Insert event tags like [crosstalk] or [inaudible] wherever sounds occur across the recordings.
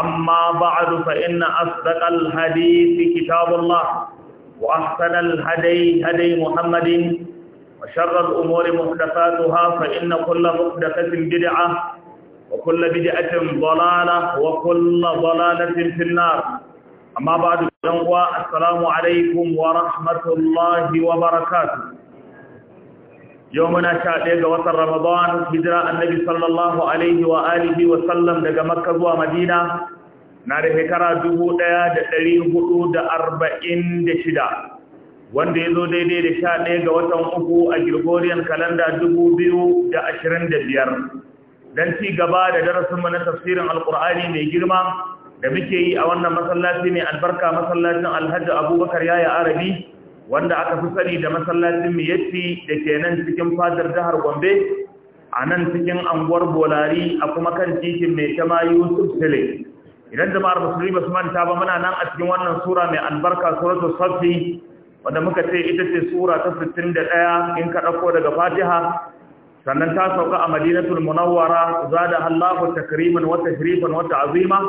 أما بعد فإن أصدق الحديث كتاب الله وأحسن الهدي هدي محمد وشر الأمور محدثاتها فإن كل محدثة بدعة وكل بدعة ضلالة وكل ضلالة في النار أما بعد السلام عليكم ورحمة الله وبركاته sha ɗaya ga watan Ramadan hijira annabi sallallahu alaihi wa alihi wa sallam daga Makka zuwa Madina na da shekara 1446 wanda zo daidai da sha ɗaya ga watan uku a Gregorian calendar biyar. dan ci gaba da darasin mu na tafsirin alkur'ani mai girma da muke yi a wannan masallaci ne albarka masallacin Alhaji Abubakar Yaya Arabi wanda aka fi sani da masallacin miyatti da ke nan cikin fadar jihar gombe a nan cikin anguwar bolari a kuma kan titin mai tama yusuf tele idan jama'ar musulmi ba su manta ba muna nan a cikin wannan sura mai albarka suratul safi wanda muka ce ita ce sura ta 61 in ka ɗauko daga fatiha sannan ta sauka a madinatul munawwara zada Allahu takriman wa tashrifan wa ta'zima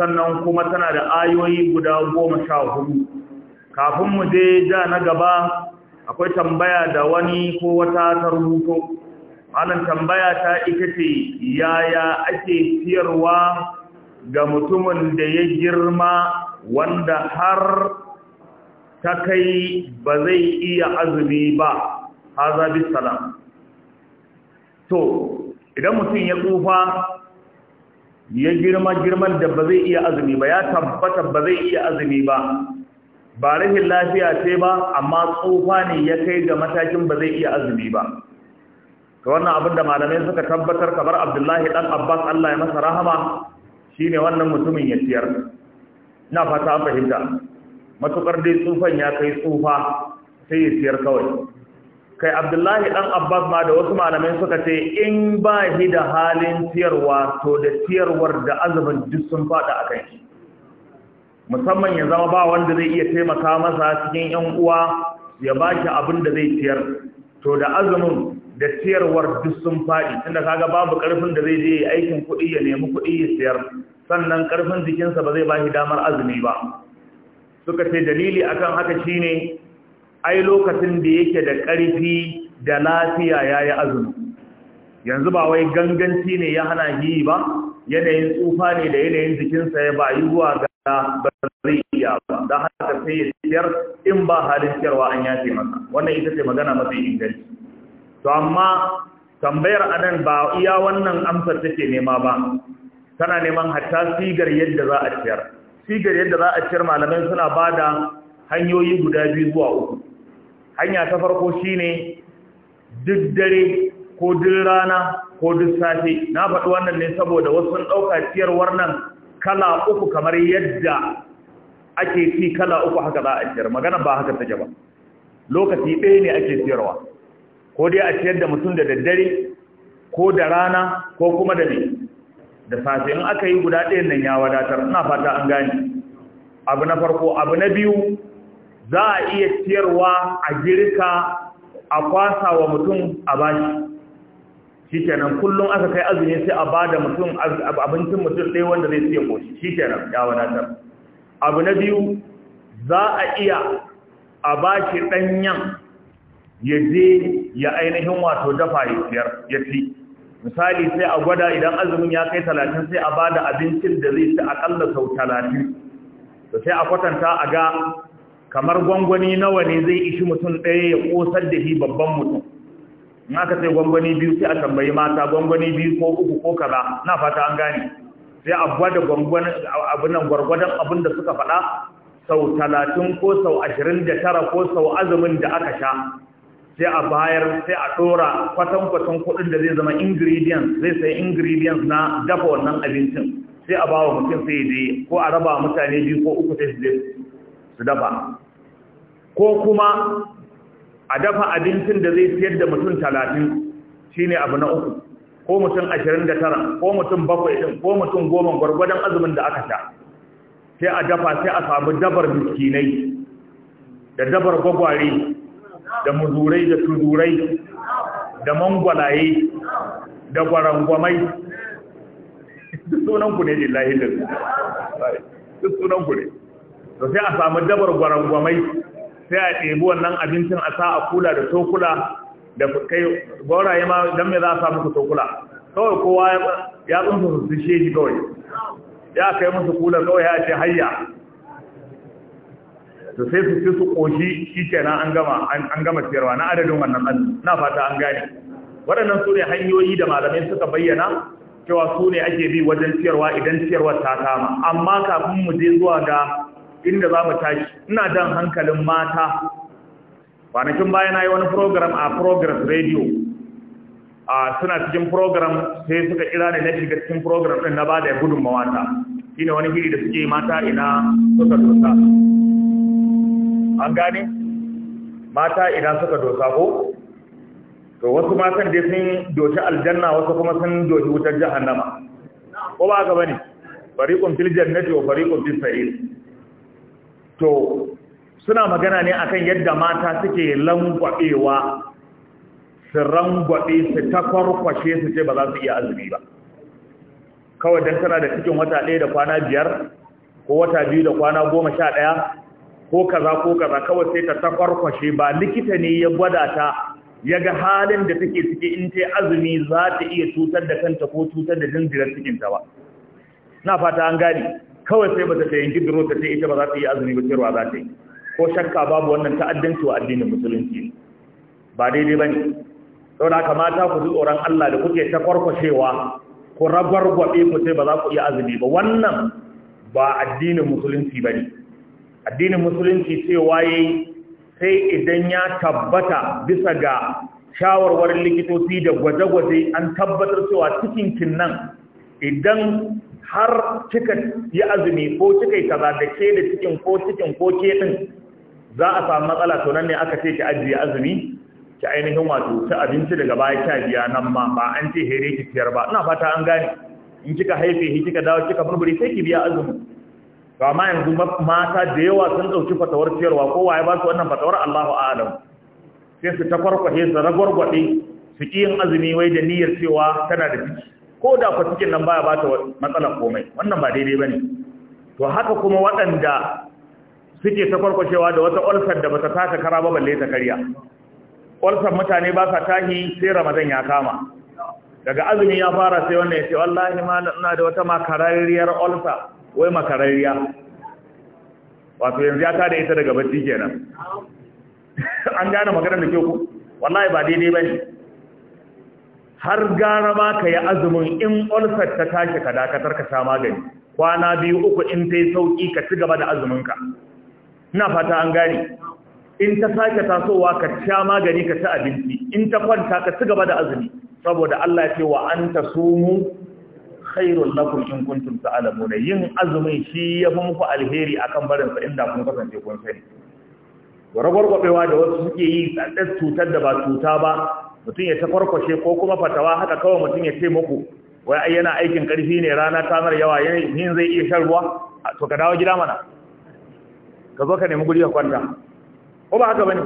sannan kuma tana da ayoyi guda goma sha hudu. kafin mu je ja na gaba akwai tambaya da wani ko wata ta rubuto malam tambaya ta ita ce yaya ake siyarwa ga mutumin da ya girma wanda har ta kai ba zai iya azumi ba haza bisalam to idan mutum ya tsufa ya girma girman da ba zai iya azumi ba ya tabbata ba zai iya azumi ba ba rahin lafiya sai ba amma tsufa ne ya kai ga matakin ba zai iya azumi ba ga wannan abin da malamai suka tabbatar kamar abdullahi dan abbas allah ya masa rahama shine wannan mutumin ya ciyar na fata an fahimta matukar dai tsufan ya kai tsufa sai ya ciyar kawai kai abdullahi dan abbas ma da wasu malamai suka ce in ba shi da halin ciyarwa to da ciyarwar da azumin duk sun fada a kai musamman ya zama ba wanda zai iya taimaka masa cikin yan uwa ya ba abin da zai ciyar to da azumin da ciyarwar duk sun faɗi tunda kaga babu karfin da zai je aikin kuɗi ya nemi kuɗi ya ciyar sannan ƙarfin jikinsa ba zai ba shi damar azumi ba suka ce dalili akan haka shine ai lokacin da yake da ƙarfi da lafiya yayi azumi yanzu ba wai ganganci ne ya hana yi ba yanayin tsufa ne da yanayin jikinsa ya yi zuwa ga na ba iya ba da haka sai ya siyar in ba halin siyarwa an yafe masa wannan ita ce magana mafi inganci to amma tambayar anan ba iya wannan amsar take nema ba tana neman hatta sigar yadda za a ciyar sigar yadda za a ciyar malamai suna ba da hanyoyi guda biyu zuwa uku hanya ta farko shine duk dare ko duk rana ko duk safe na faɗi wannan ne saboda wasu ɗauka ciyarwar nan kala uku kamar yadda ake ci kala uku haka za a ciyar magana ba haka take ba lokaci ɗaya ne ake ciyarwa ko dai a ciyar da mutum da daddare ko da rana ko kuma da ne da safe in aka yi guda ɗayan nan ya wadatar ina fata an gane abu na farko abu na biyu za a iya ciyarwa a girka a kwasa wa mutum a bashi shikenan kullum aka kai azumi sai a bada mutum abincin mutum ɗaya wanda zai siya koshi shikenan ya wadatar abu na biyu za a iya a ba shi ɗanyen ya je ya ainihin wato dafa ya siyar ci misali sai a gwada idan azumin ya kai talatin sai a bada abincin da zai ci akalla sau talatin da sai a kwatanta a ga kamar gwangwani nawa ne zai ishi mutum ɗaya ya ƙosar da shi babban mutum in aka sai gwangwani biyu sai a tambayi mata gwangwani biyu ko uku ko kaza na fata an gane sai a gwada gwangwanin nan gwargwadon abin da suka faɗa sau talatin ko sau ashirin da tara ko sau azumin da aka sha sai a bayar sai a ɗora kwatankwatan kuɗin da zai zama ingredients zai sai ingredients na dafa wannan abincin sai a ba wa mutum sai dai ko a raba mutane biyu ko uku sai su dafa ko kuma a dafa abincin da zai siyar da mutum talatin shine abu na uku ko mutum ashirin da tara ko mutum bakwai ɗin ko mutum goma gwargwadon azumin da aka sha sai a dafa sai a samu dabar miskinai da dabar gwagware da muzurai da tuzurai da mangwalaye da gwarangwamai duk sunanku ne lillahi da duk sunanku ne to sai a samu dabar gwarangwamai sai a ɗebi wannan abincin a sa a kula da tokula da kai gauraye ma don me za a sa muku tokula kawai kowa ya tsunsa su shi shi kawai ya kai musu kula kawai ya ce hayya Da sai su ci su ƙoshi shi na an gama an gama siyarwa na adadin wannan an na fata an gane waɗannan su ne hanyoyi da malamai suka bayyana cewa su ne ake bi wajen siyarwa idan siyarwa ta kama amma kafin mu je zuwa ga inda za mu tashi ina dan hankalin mata kwanakin baya na yi wani program a progress radio a suna cikin program sai suka kira ne na shiga cikin program ɗin na ba da gudun mawata shi ne wani hiri da suke mata ina suka dosa an gane mata ina suka dosa ko to wasu matan dai sun doshi aljanna wasu kuma sun doshi wutar jahannama ko ba ka bane fariqun fil jannati wa fariqun fis sa'ir to suna magana ne akan yadda mata suke langwabewa su rangwabe su takwarkwashe su ce ba za su iya azumi ba kawai don tana da cikin wata ɗaya da kwana biyar ko wata biyu da kwana goma sha ɗaya ko kaza ko kaza kawai sai ta takwarkwashe ba likita ne ya gwada ta ya ga halin da take ciki in ta azumi za ta iya cutar da kanta ko cutar da jinjirar cikinta ba na fata an gani kawai sai bata ta yanki duro ta sai ita ba za ta yi azumi ba cewa za ta yi ko shakka babu wannan ta'addanci wa addinin musulunci ba daidai ba ne saboda haka mata ku ji tsoron Allah da kuke ta kwarkwashewa ku ragwargwabe ku sai ba za ku iya azumi ba wannan ba addinin musulunci ba ne addinin musulunci cewa waye, sai idan ya tabbata bisa ga shawarwarin likitoci da gwaje-gwaje an tabbatar cewa kin nan idan har kika yi azumi ko kika yi kaza da ke da cikin ko cikin ko ke din za a samu matsala to nan ne aka ce ki ajiye azumi ki ainihin wato ta abinci daga baya kya biya nan ma ba an ce here ki tiyar ba ina fata an gane in kika haife ki kika dawo kika burburi sai ki biya azumi to amma yanzu mata da yawa sun dauki fatawar ciyarwa ko waye ba su wannan fatawar Allahu a'lam sai su ta farkwaje su ragwargwade su yin azumi wai da niyyar cewa tana da ciki ko da ku cikin nan baya bata matsalan komai wannan ba daidai bane to haka kuma waɗanda suke ta farkwashewa da wata ulsar da bata taka kara ba balle ta karya ulsar mutane ba sa tahi sai ramadan ya kama daga azumi ya fara sai wannan ya ce wallahi ma ina da wata makararriyar ulsa wai makararriya wato yanzu ya tada ita daga bacci kenan [laughs] an gane maganar da ke ku wallahi ba daidai bane har gara ma ka yi azumin in ulcer ta tashi ka dakatar ka sha magani kwana biyu uku in ta yi sauƙi ka ci gaba da azuminka ina fata an gane in ta sake tasowa ka sha magani ka ci abinci in ta kwanta ka ci gaba da azumi saboda Allah ya ce wa an ta sumu khairul lakum in kuntum ta'lamun yin azumin shi yafi muku alheri akan barin sa inda kun kasance kun sani gwargwargwabewa da wasu suke yi tsaddas cutar da ba cuta ba mutum ya tafarkwashe ko kuma fatawa haka kawai mutum ya ce muku wai ai yana aikin karfi ne rana ta mara yawa yin zai iya shan ruwa to ka dawo gida mana ka zo ka nemi guri ka kwanta ko ba haka bane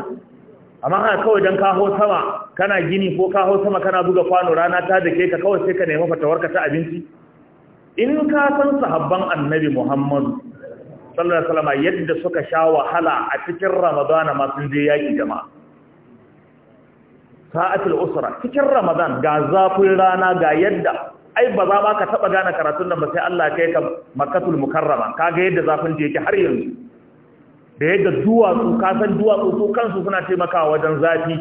amma haka kawai dan ka hau sama kana gini ko ka hau sama kana buga kwano rana ta dake ka kawai sai ka nemi fatawar ka ta abinci in ka san sahabban annabi Muhammad sallallahu alaihi wasallam yadda suka sha wahala a cikin Ramadana ma sun je yaki jama'a sa'atul usra cikin ramadan ga zafin rana ga yadda ai ba za ba ka taba gane karatun da ba sai Allah ya kai ka makkatul mukarrama kaga yadda zafin ta yake har yanzu da yadda duwatsu ka san duwatsu su kansu suna taimaka wajen zafi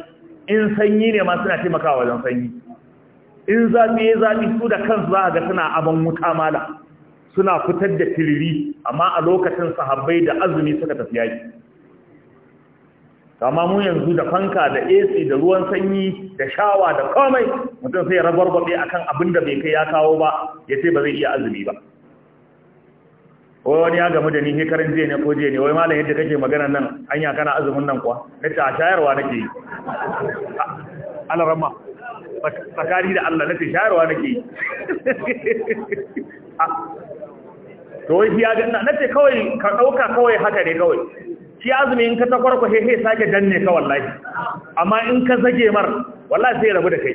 in sanyi ne ma suna taimakawa wajen sanyi in zafi ya zafi su da kansu za ga suna aban wuta mala suna fitar da tiriri amma a lokacin sahabbai da azumi suka tafi yaki amma mu yanzu da fanka da AC da ruwan sanyi da shawa da komai mutum sai rabarbabe akan abin da bai kai ya kawo ba ya ce ba zai iya azumi ba wani ya gamu da ni karin jiya ne ko jiya ne wai malam yadda kake magana nan anya kana azumin nan kuwa na ce a shayarwa nake yi alarama tsakari da Allah na ce shayarwa nake yi to wai ya ga na ce kawai ka ɗauka kawai haka ne kawai shi azumi in ka ta he he sake danne ka wallahi amma in ka zage mar wallahi sai rabu da kai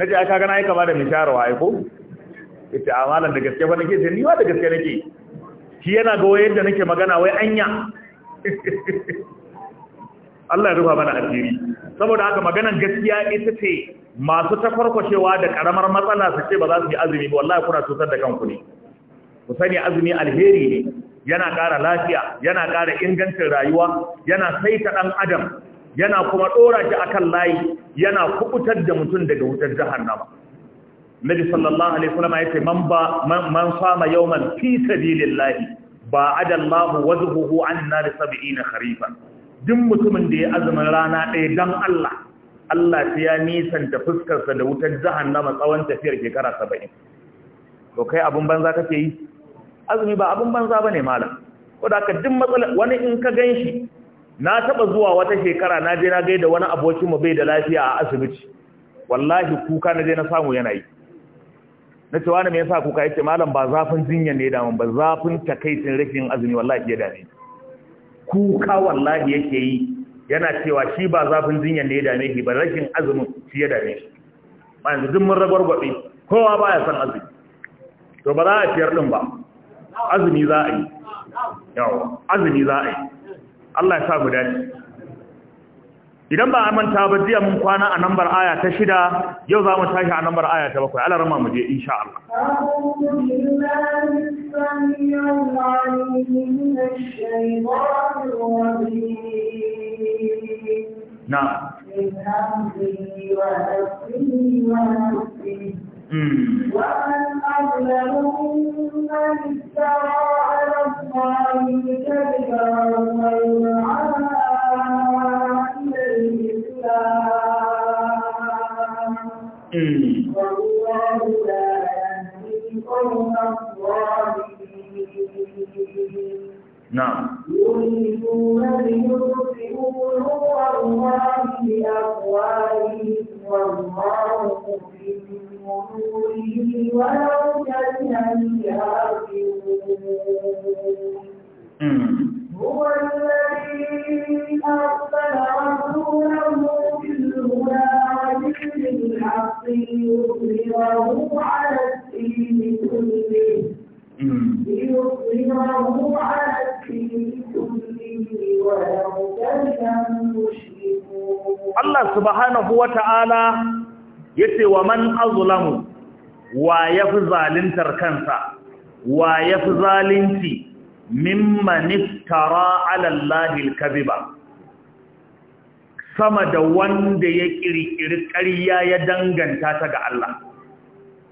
nace aka gana aika ba da misharawa ai ko ita amalan da gaske ba ke sai ni da gaske nake shi yana ga wayar da nake magana wai anya [laughs] Allah ya rufa mana asiri saboda haka maganan gaskiya ita ce masu ta takwarkwashewa da karamar matsala su ce ba za su yi azumi ba wallahi kuna cutar da kanku ne ku sani azumi alheri ne yana ƙara lafiya yana ƙara ingancin rayuwa yana saita ɗan adam yana kuma ɗora shi akan layi yana kubutar da mutum daga wutar jahannama nabi sallallahu alaihi wasallam yace man ba man sama yawman fi sabilillahi ba adallahu wajhuhu an nar 70 kharifan duk mutumin da ya azumin rana ɗaya dan Allah Allah sai ya nisanta fuskarsa da wutar jahannama tsawon tafiyar shekara 70 to kai abun banza kake yi azumi ba abin banza bane malam ko da ka matsala wani in ka ganshi na taba zuwa wata shekara na je na gaida wani abokin mu bai da lafiya a asibiti wallahi kuka na je na samu yana yi na cewa wani me yasa kuka yace malam ba zafin jinya ne da ba zafin takaitin rashin azumi wallahi ya dame kuka wallahi yake yi yana cewa shi ba zafin jinya ne ya dame shi ba rashin azumin shi ya dame shi ba yanzu duk mun ragwargwabe kowa baya son azumi to ba za a ciyar din ba azumi za a yi yawa azumi za a yi Allah ya sa mu dace idan ba a manta ba jiya mun kwana a nambar aya ta shida yau za mu tashi a nambar aya ta bakwai ala rama mu je insha Allah na Nàà. Yóò ní ìlú rẹ̀ ni yóò ti ń wọ́n wọ́n wọ́n ظهوره ولو كره الكافرون هو الذي أرسل رسوله بالهدى ودين الحق ليظهره على الدين كله ليظهره على الدين كله ولو كره المشركون الله سبحانه وتعالى yace wa man azlamu wa yafi zalintar kansa wa yafi zalunci mimman iftara ala Allahi al sama da wanda ya kirkiri ƙarya ya danganta ta ga Allah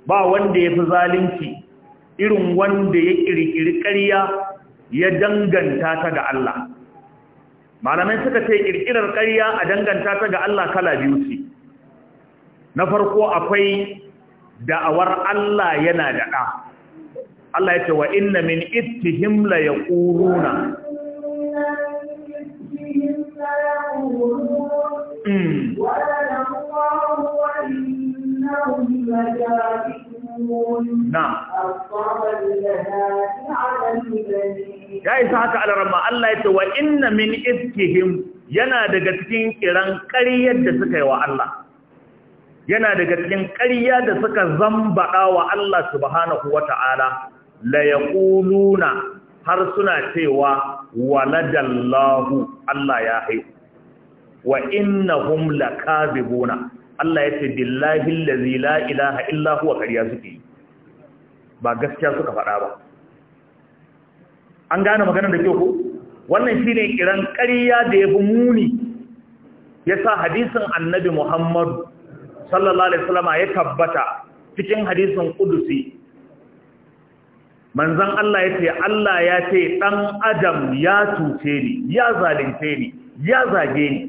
ba wanda yafi zalunci irin wanda ya kirkiri ƙarya ya danganta ta ga Allah malamai suka ce kirkirar ƙarya a danganta ta ga Allah kala biyu ce na farko akwai da'awar Allah yana da ɗa Allah ya ce wa inna min ittihim la yaquluna mm نعم ya isa haka alarama Allah ya ce wa inna min iskihim yana daga cikin kiran ƙaryar da suka yi wa Allah yana da cikin ƙarya da suka zambaɗa wa Allah subhanahu wa ta'ala la ya har suna cewa waladallahu Allah ya haihu wa inna innahum lakazibuna Allah ya ce billahi allazi la ilaha huwa ƙarya suke yi ba gaskiya suka faɗa ba an gane maganar da kyau ko wannan ne ƙiran ƙarya da ya fi muni ya sa hadisin annabi Muhammadu sallallahu alaihi wasallam ya tabbata cikin hadisin qudusi manzon Allah yace Allah ya ce dan adam ya tuce ni ya zalunce ni ya zage ni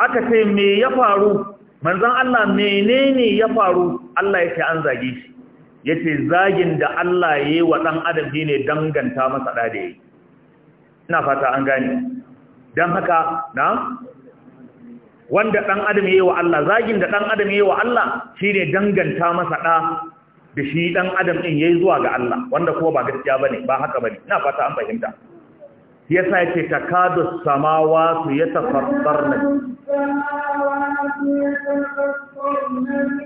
aka ce me ya faru manzon Allah menene ya faru Allah yace an zage shi yace zagin da Allah yayi wa dan adam ne danganta masa da da ina fata an gane dan haka na wanda ɗan adam yayi wa Allah zagin da ɗan adam yayi wa Allah shine danganta masa ɗa da shi ɗan adam ɗin yayi zuwa ga Allah wanda kuma ba gaskiya bane ba haka bane ina fata an fahimta yasa yake takadu samawati yatafattarna samawati yatafattarna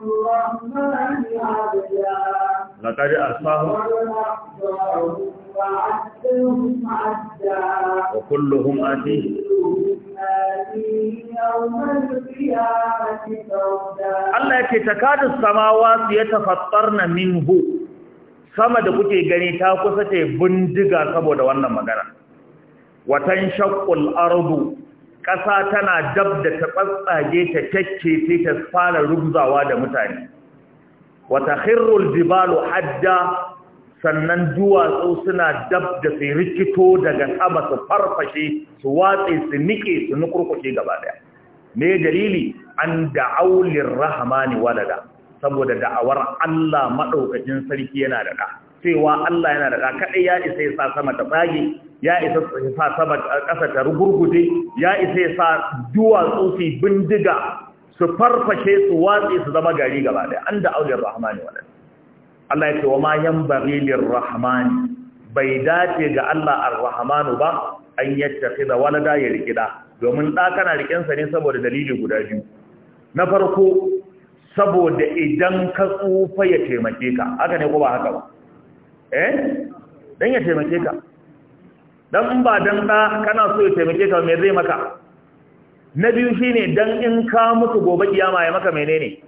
لقد أصاهم وكلهم آتيه Allah ya ce takadus samawa su ya tafattarna minhu sama da kuke gani ta kusa ta bindiga saboda wannan magana watan shakul ardu ƙasa tana dab da ta tsatsage ta takke sai ta fara rubzawa da mutane wata khirrul jibalu hadda sannan duwatsu suna dab da su rikito daga sama su farfashe su watse su nike su nukurkushe gaba daya me dalili an da'aw lirrahmani walada saboda da'awar Allah madaukakin sarki yana da da cewa Allah yana da ɗa? kadai ya isa ya sa sama ta tsage ya isa sa saba ƙasa ta rugurguje ya isa sa duwatsu su bindiga su farfashe su watsi su zama gari gaba da an da auliyar rahmani wannan Allah ya ce wa ma yan barilin rahmani bai dace ga Allah ar-rahmanu ba an yattafi da walada ya rikida domin ɗa kana rikensa ne saboda dalili guda biyu na farko saboda idan ka tsufa ya taimake ka haka ne ko ba haka ba eh dan ya taimake ka dan in ba dan da kana so ya taimake ka me zai maka na biyu shine dan in ka mutu gobe kiyama ya maka menene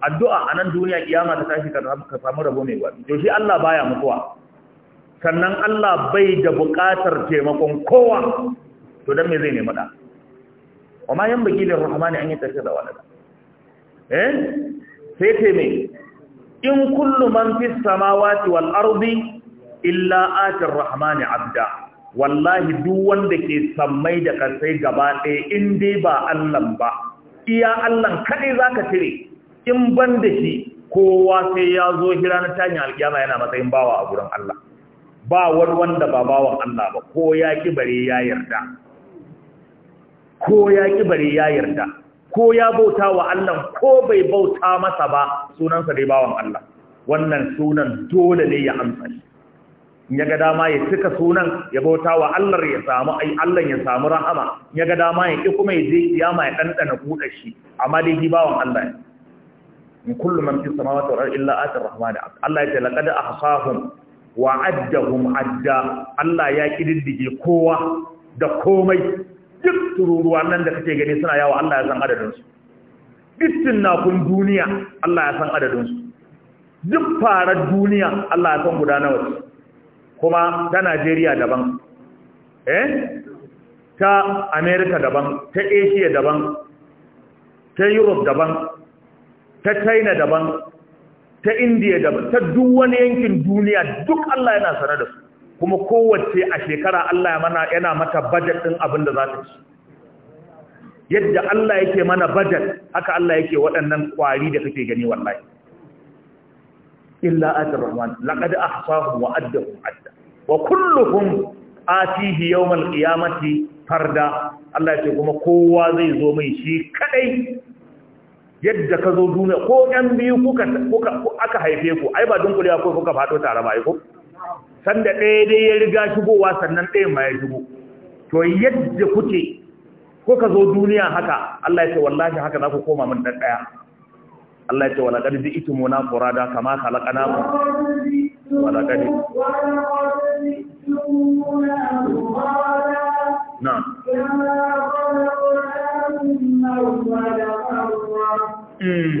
addu'a a nan duniya kiyama ta tashi ka samu rabo mai gwadi to shi Allah baya mutuwa sannan Allah bai da buƙatar taimakon kowa to dan me zai nemi da wa ma yanbaghi rahmani an yi wani walada eh sai ce me in kullu man fis samawati wal ardi illa atir rahmani abda wallahi duk wanda ke sammai da kasai gaba ɗaya in dai ba Allah ba iya Allah kaɗai za ka cire in ban da shi kowa sai ya zo hira na tashin alkiyama yana matsayin bawa a gurin Allah ba wani wanda ba bawan Allah ba ko ya kibare ya yarda ko ya kibare ya yarda ko ya bauta wa Allah ko bai bauta masa ba sunansa dai bawan Allah wannan sunan dole ne ya amsa shi in ya ga dama ya cika sunan ya bauta wa Allah ya samu ai Allah ya samu rahama in ya ga dama ya ki kuma ya je kiyama ya dandana kuɗa shi amma dai gibawan Allah ne in kullu man fi samawati wal ardi illa atir rahmani Allah ya ce laqad ahsahum wa addahum adda Allah ya kididdige kowa da komai duk tururuwa nan da kake gani suna yawo Allah ya san adadin su duk kun duniya Allah ya san adadin su duk farar duniya Allah ya san gudanarwa kuma ta Najeriya daban eh ta America daban ta Asia daban ta Europe daban ta China daban ta India daban ta duk wani yankin duniya duk Allah yana sanar da su kuma kowace a shekara Allah yana mata budget ɗin abin da za ta ci yadda Allah yake mana budget haka Allah yake waɗannan kwari da kake gani wallahi illa atir rahman laqad ahsahum wa addahum adda wa kulluhum atihi yawm alqiyamati farda Allah ya kuma kowa zai zo mai shi kadai yadda ka zo duniya ko ɗan biyu kuka aka haife ku ai ba dunkule ko kuka fato tare ba ko sanda ɗaya dai ya riga shigowa sannan ɗaya ma ya shigo to yadda kuke kuka zo duniya haka Allah ya ce wallahi haka za ku koma min ɗan ɗaya Allah ya ce wala qad ji'tumuna furada kama khalaqnakum wala qad Na. Mm.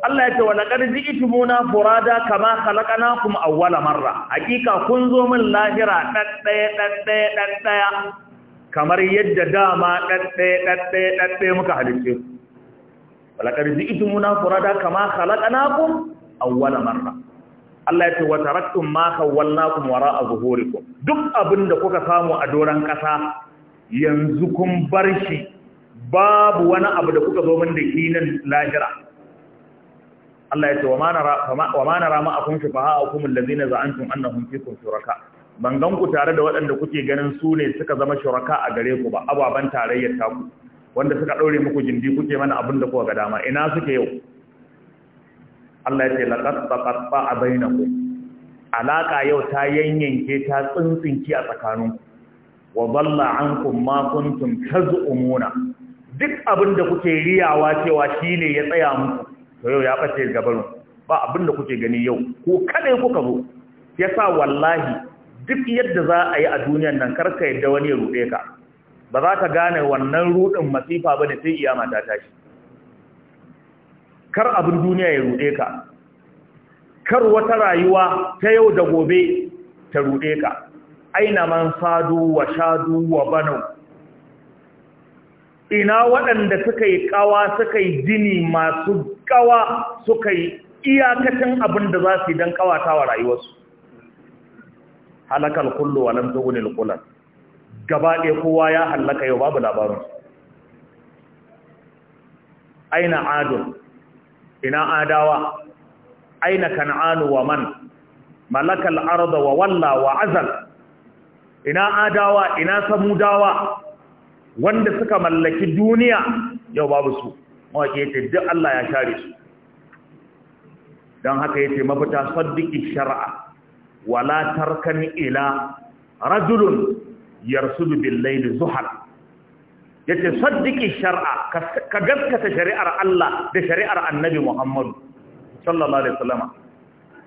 Allah ya ce wa laqad ji'tumuna furada kama khalaqnakum awwala marra hakika kun zo min lahira daddaya daddaya daddaya kamar yadda dama daddaya daddaya daddaya muka halice wa laqad ji'tumuna furada kama khalaqnakum awwala marra Allah ya ce wa taraktum ma khawwalnakum wara'a zuhurikum duk abinda kuka samu a doran kasa yanzu kun bar shi babu wani abu da kuka zo min da shi nan lahira Allah ya ce wa ma nara ma akun shufaha akum allazina za'antum annahum fikum shuraka ban gan ku tare da waɗanda kuke ganin su ne suka zama shuraka a gare ku ba ababan tarayyar taku wanda suka ɗaure muku jindi kuke mana abin da kuka ga dama ina suke yau Allah ya ce laqad taqatta bainakum alaka yau ta yanyanke ta tsintsinki a tsakaninku wa dalla ankum ma kuntum tazumuna duk abin da kuke riyawa cewa shi ne ya tsaya muku to yau ya ɓace gabarin ba abin da kuke gani yau ko kaɗai kuka zo ya sa wallahi duk yadda za a yi a duniyan nan karka yadda wani ya ruɗe ka ba za ka gane wannan ruɗin masifa ba da sai iyama ta tashi kar abin duniya ya ruɗe ka kar wata rayuwa ta yau da gobe ta ruɗe ka aina man sadu wa shadu wa banau ina waɗanda suka yi kawa suka yi jini masu ƙawa suka yi iyakacin abin da za su yi don wa rayuwarsu Halakar kullu wa nan tughnil qulal gaba ɗaya kowa ya halaka yau babu labarin aina adun ina adawa aina kan'anu wa man malakal arda wa walla wa azal ina adawa ina samudawa wanda suka mallaki duniya yau babu su mawaƙi yace duk Allah ya share su don haka yace mafita saddiki shar'a wala tarkani ila rajulun yarsudu bil layli yace saddiki shar'a ka gaskata shari'ar Allah da shari'ar Annabi Muhammad sallallahu alaihi wasallam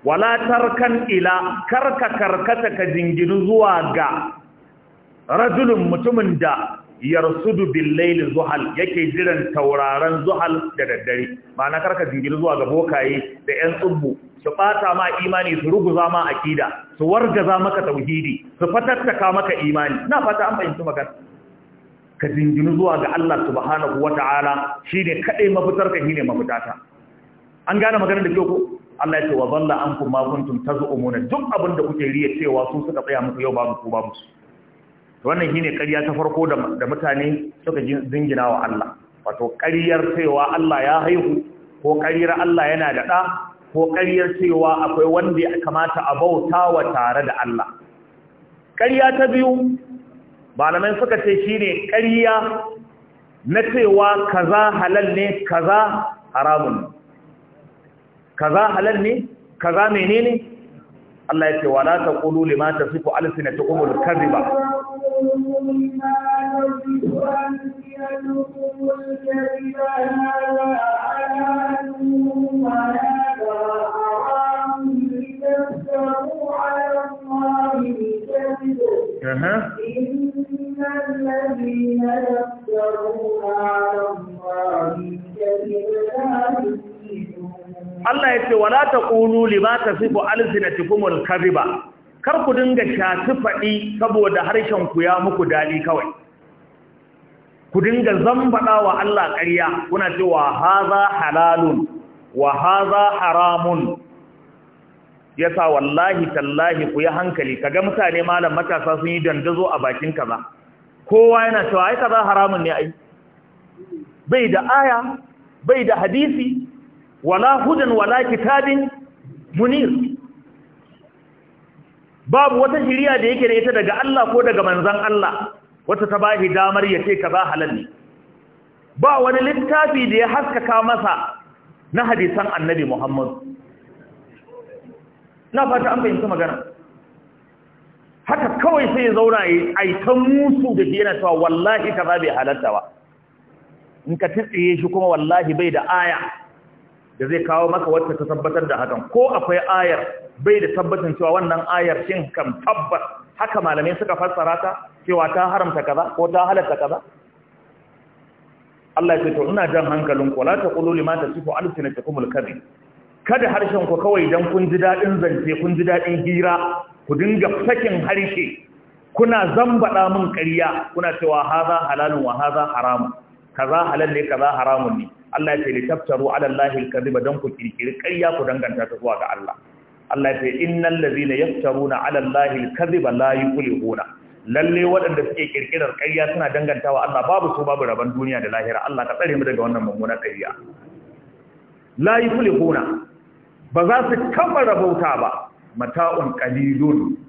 wala tarkan ila karka karkata ka jingiru zuwa ga rajulun mutumin da yarsudu layl zuhal yake jiran tauraran zuhal da daddare ma'ana karka jingiri zuwa ga bokaye da yan tsubbu su bata ma imani su ruguza ma akida su wargaza maka tauhidi su fatattaka maka imani na fata an fahimci magana ka jingiri zuwa ga Allah subhanahu wata'ala shine kadai mafitar ka shine mafitata an gane magana da kyau ko Allah ya ce wa balla ankum ma kuntum tazumuna duk abin da kuke riya cewa su suka tsaya muku yau babu ku babu wannan shine ƙarya ta farko da mutane suka zingina wa Allah wato ƙaryar cewa Allah ya haihu ko ƙaryar Allah yana da ɗa ko ƙaryar cewa akwai wanda ya kamata a bauta wa tare da Allah ƙarya ta biyu malamai suka ce shine ƙarya na cewa kaza halal ne kaza haramun kaza halal ne kaza menene Allah ya ce wala taqulu lima tasifu alsinatukum alkaziba Uh-huh. Allah ya ce wala taqulu lima tasifu alsinatukum alkadhiba kar ku dinga shafi faɗi saboda harshen ku ya muku dali kawai ku dinga zambaɗa wa Allah ƙarya kuna cewa haza halalun wa haza haramun yasa wallahi tallahi ku yi hankali kaga mutane malam matasa sun yi dandazo a bakin ka ba. kowa yana cewa ai kaza haramun ne ai bai da aya bai da hadisi wala hudan wala kitabin munir babu wata shiriya da yake da ita daga Allah ko daga manzan Allah wata ta bashi damar ya ce ka ba halalli? ba wani littafi da ya haskaka masa na hadisan annabi Muhammad na fata an fahimci magana haka kawai sai ya zauna ya aitan musu da biyana yana cewa wallahi ka ba bai halatta ba in ka tsitsiye shi kuma wallahi bai da aya da zai kawo maka wacce ta tabbatar da hakan ko akwai ayar bai da tabbatin cewa wannan ayar shin kan tabbas haka malamai suka fassara ta cewa ta haramta kaza ko ta halatta kaza Allah ya ce to ina jan hankalin ku la taqulu lima tasifu alsinatukum alkadhib kada harshen ku kawai dan kun ji dadin zance kun ji dadin hira ku dinga fakin harshe kuna zambada mun ƙarya kuna cewa haza halalun wa haza haramun kaza halal ne kaza haramun ne Allah ya ce litaftaru ala Allah al-kadhiba dan ku kirkiri ƙarya ku danganta ta zuwa ga Allah Allah ya ce innal ladhina yaftaruna ala Allah al-kadhiba la yuflihuna lalle waɗanda suke kirkirar ƙarya suna dangantawa Allah babu su babu raban duniya da lahira Allah ka tsare mu daga wannan mummunar ƙarya la yuflihuna ba za su kammala bauta ba mata'un qalilun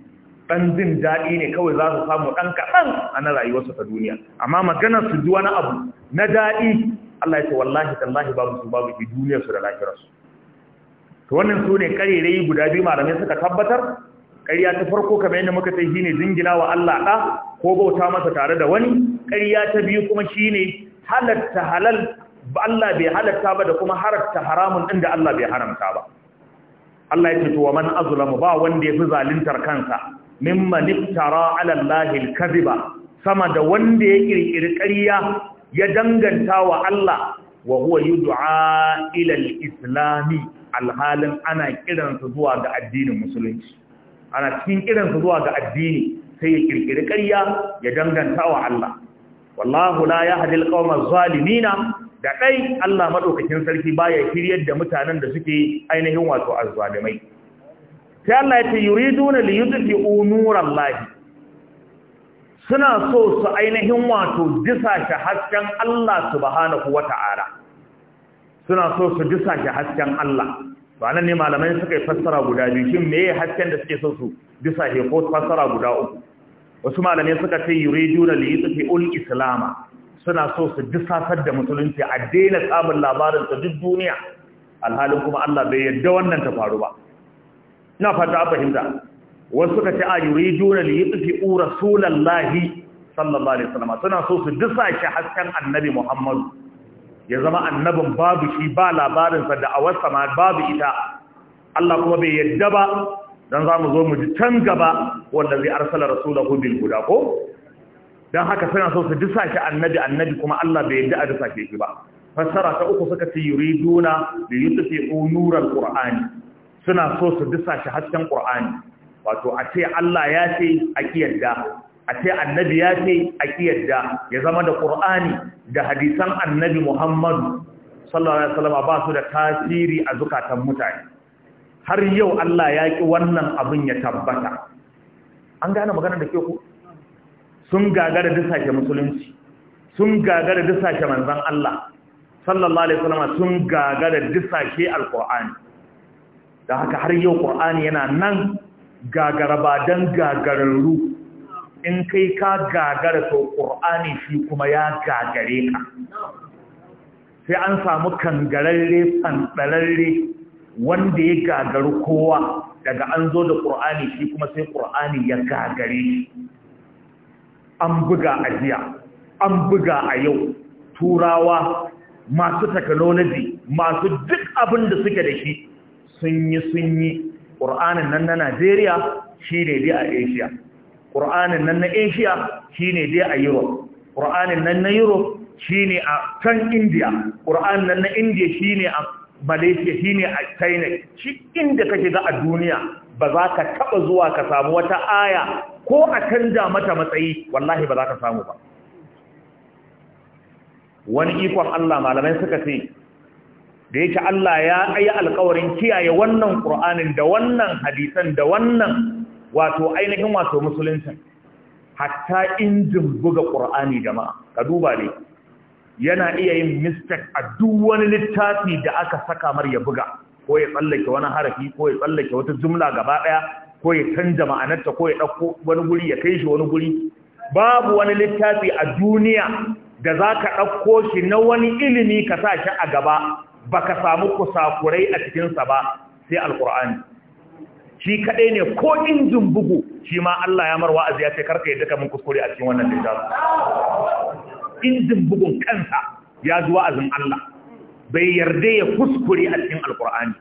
ɗan jin daɗi ne kawai za su samu ɗan kaɗan a na rayuwarsu ta duniya amma maganar su ji wani abu na daɗi Allah ya ce wallahi tallahi babu su babu ki duniyarsu da lafiyarsu to wannan su ne ƙarerai guda biyu malamai suka tabbatar ƙarya ta farko kamar yadda muka sai shine jingina wa Allah ɗa ko bauta masa tare da wani ƙarya ta biyu kuma shine halatta halal Allah bai halatta ba da kuma haratta haramun ɗin da Allah bai haramta ba Allah ya ce to wa man azlamu ba wanda ya fi zaluntar kansa mimman iftara ala Allahil kadhiba sama da wanda ya kirkiri ƙarya ya danganta wa Allah wa huwa yud'a ila al-islami alhalin ana kiransa zuwa ga addinin musulunci ana cikin kiransa zuwa ga addini sai ya kirkiri ƙarya ya danganta wa Allah wallahu la yahdi al-qawma na, da dai Allah madaukakin sarki baya kiryar da mutanen da suke ainihin wato azzalimai sai Allah ya ce yuriduna li yudfi'u nurallahi suna so su ainihin wato disa shi hasken Allah subhanahu wata'ala suna so su disa shi hasken Allah ba nan ne malamai suka yi fassara guda biyu shin me hasken da suke so su disa shi ko fassara guda uku wasu malamai suka ce yuriduna li yudfi'u islama suna so su disasar da musulunci a daina labarin ta duk duniya alhalin kuma Allah bai yadda wannan ta faru ba na fata fahimta wasu suka ce a yuri juna li yutfi'u sallallahu alaihi wasallam suna so su disa shi hasken annabi Muhammadu ya zama annabin babu shi ba labarin sa a awarsa ma babu ita Allah kuma bai yadda ba za mu zo mu ji can gaba wanda zai arsala rasulahu bil guda ko dan haka suna so su disa shi annabi annabi kuma Allah bai yadda a disa shi ba fassara ta uku suka ce yuriduna li yutfi'u nural qur'ani suna so su disa shi hasken ƙur'ani wato a ce Allah ya ce a kiyarda a ce annabi ya ce a kiyarda ya zama da ƙur'ani da hadisan annabi Muhammadu sallallahu alaihi wasallam ba su da tasiri a zukatan mutane har yau Allah ya ki wannan abin ya tabbata an gane magana da ke ku sun gagara dusashe musulunci sun gagara dusashe manzon Allah sallallahu alaihi wasallam sun gagara dusashe alqur'ani da haka har yau ƙur'ani yana nan gagaraba don gagararru in kai ka gagara to ƙur'ani shi kuma ya gagare ka sai an samu kangararre sandararre wanda ya gagaru kowa daga an zo da ƙur'ani shi kuma sai ƙur'ani ya gagare shi an buga a jiya an buga a yau turawa masu technology masu duk abin da suke da shi sun yi sun yi ƙur'anin nan na najeriya shi ne dai a asia ƙur'anin nan na asia shi ne dai a europe ƙur'anin nan na europe shi ne a can india ƙur'anin nan na india shi ne a malaysia shi ne a china shi inda kake ga a duniya ba za ka taɓa zuwa ka samu wata aya ko a canja mata matsayi wallahi ba za ka samu ba wani ikon allah malamai suka ce da yake Allah ya ayi alƙawarin kiyaye wannan Qur'anin da wannan hadisan da wannan wato ainihin wato musulunci hatta injin buga Qur'ani jama'a ka duba ne yana iya yin mistak a duk wani littafi da aka saka mar ya buga ko ya tsallake wani harafi ko ya tsallake wata jumla gaba ɗaya, ko ya canja ma'anarta ko ya dauko wani guri ya kai shi wani guri babu wani littafi a duniya da zaka ɗauko shi na wani ilimi ka sa shi a gaba baka samu kusakurai a cikinsa ba sai alkur'ani shi kaɗai ne ko injin bugu shi ma Allah ya marwa azu ya ce karka yadda mun kuskure a cikin wannan littafi injin bugun kansa ya zuwa wa'azin Allah bai yarda ya kuskure a cikin alkur'ani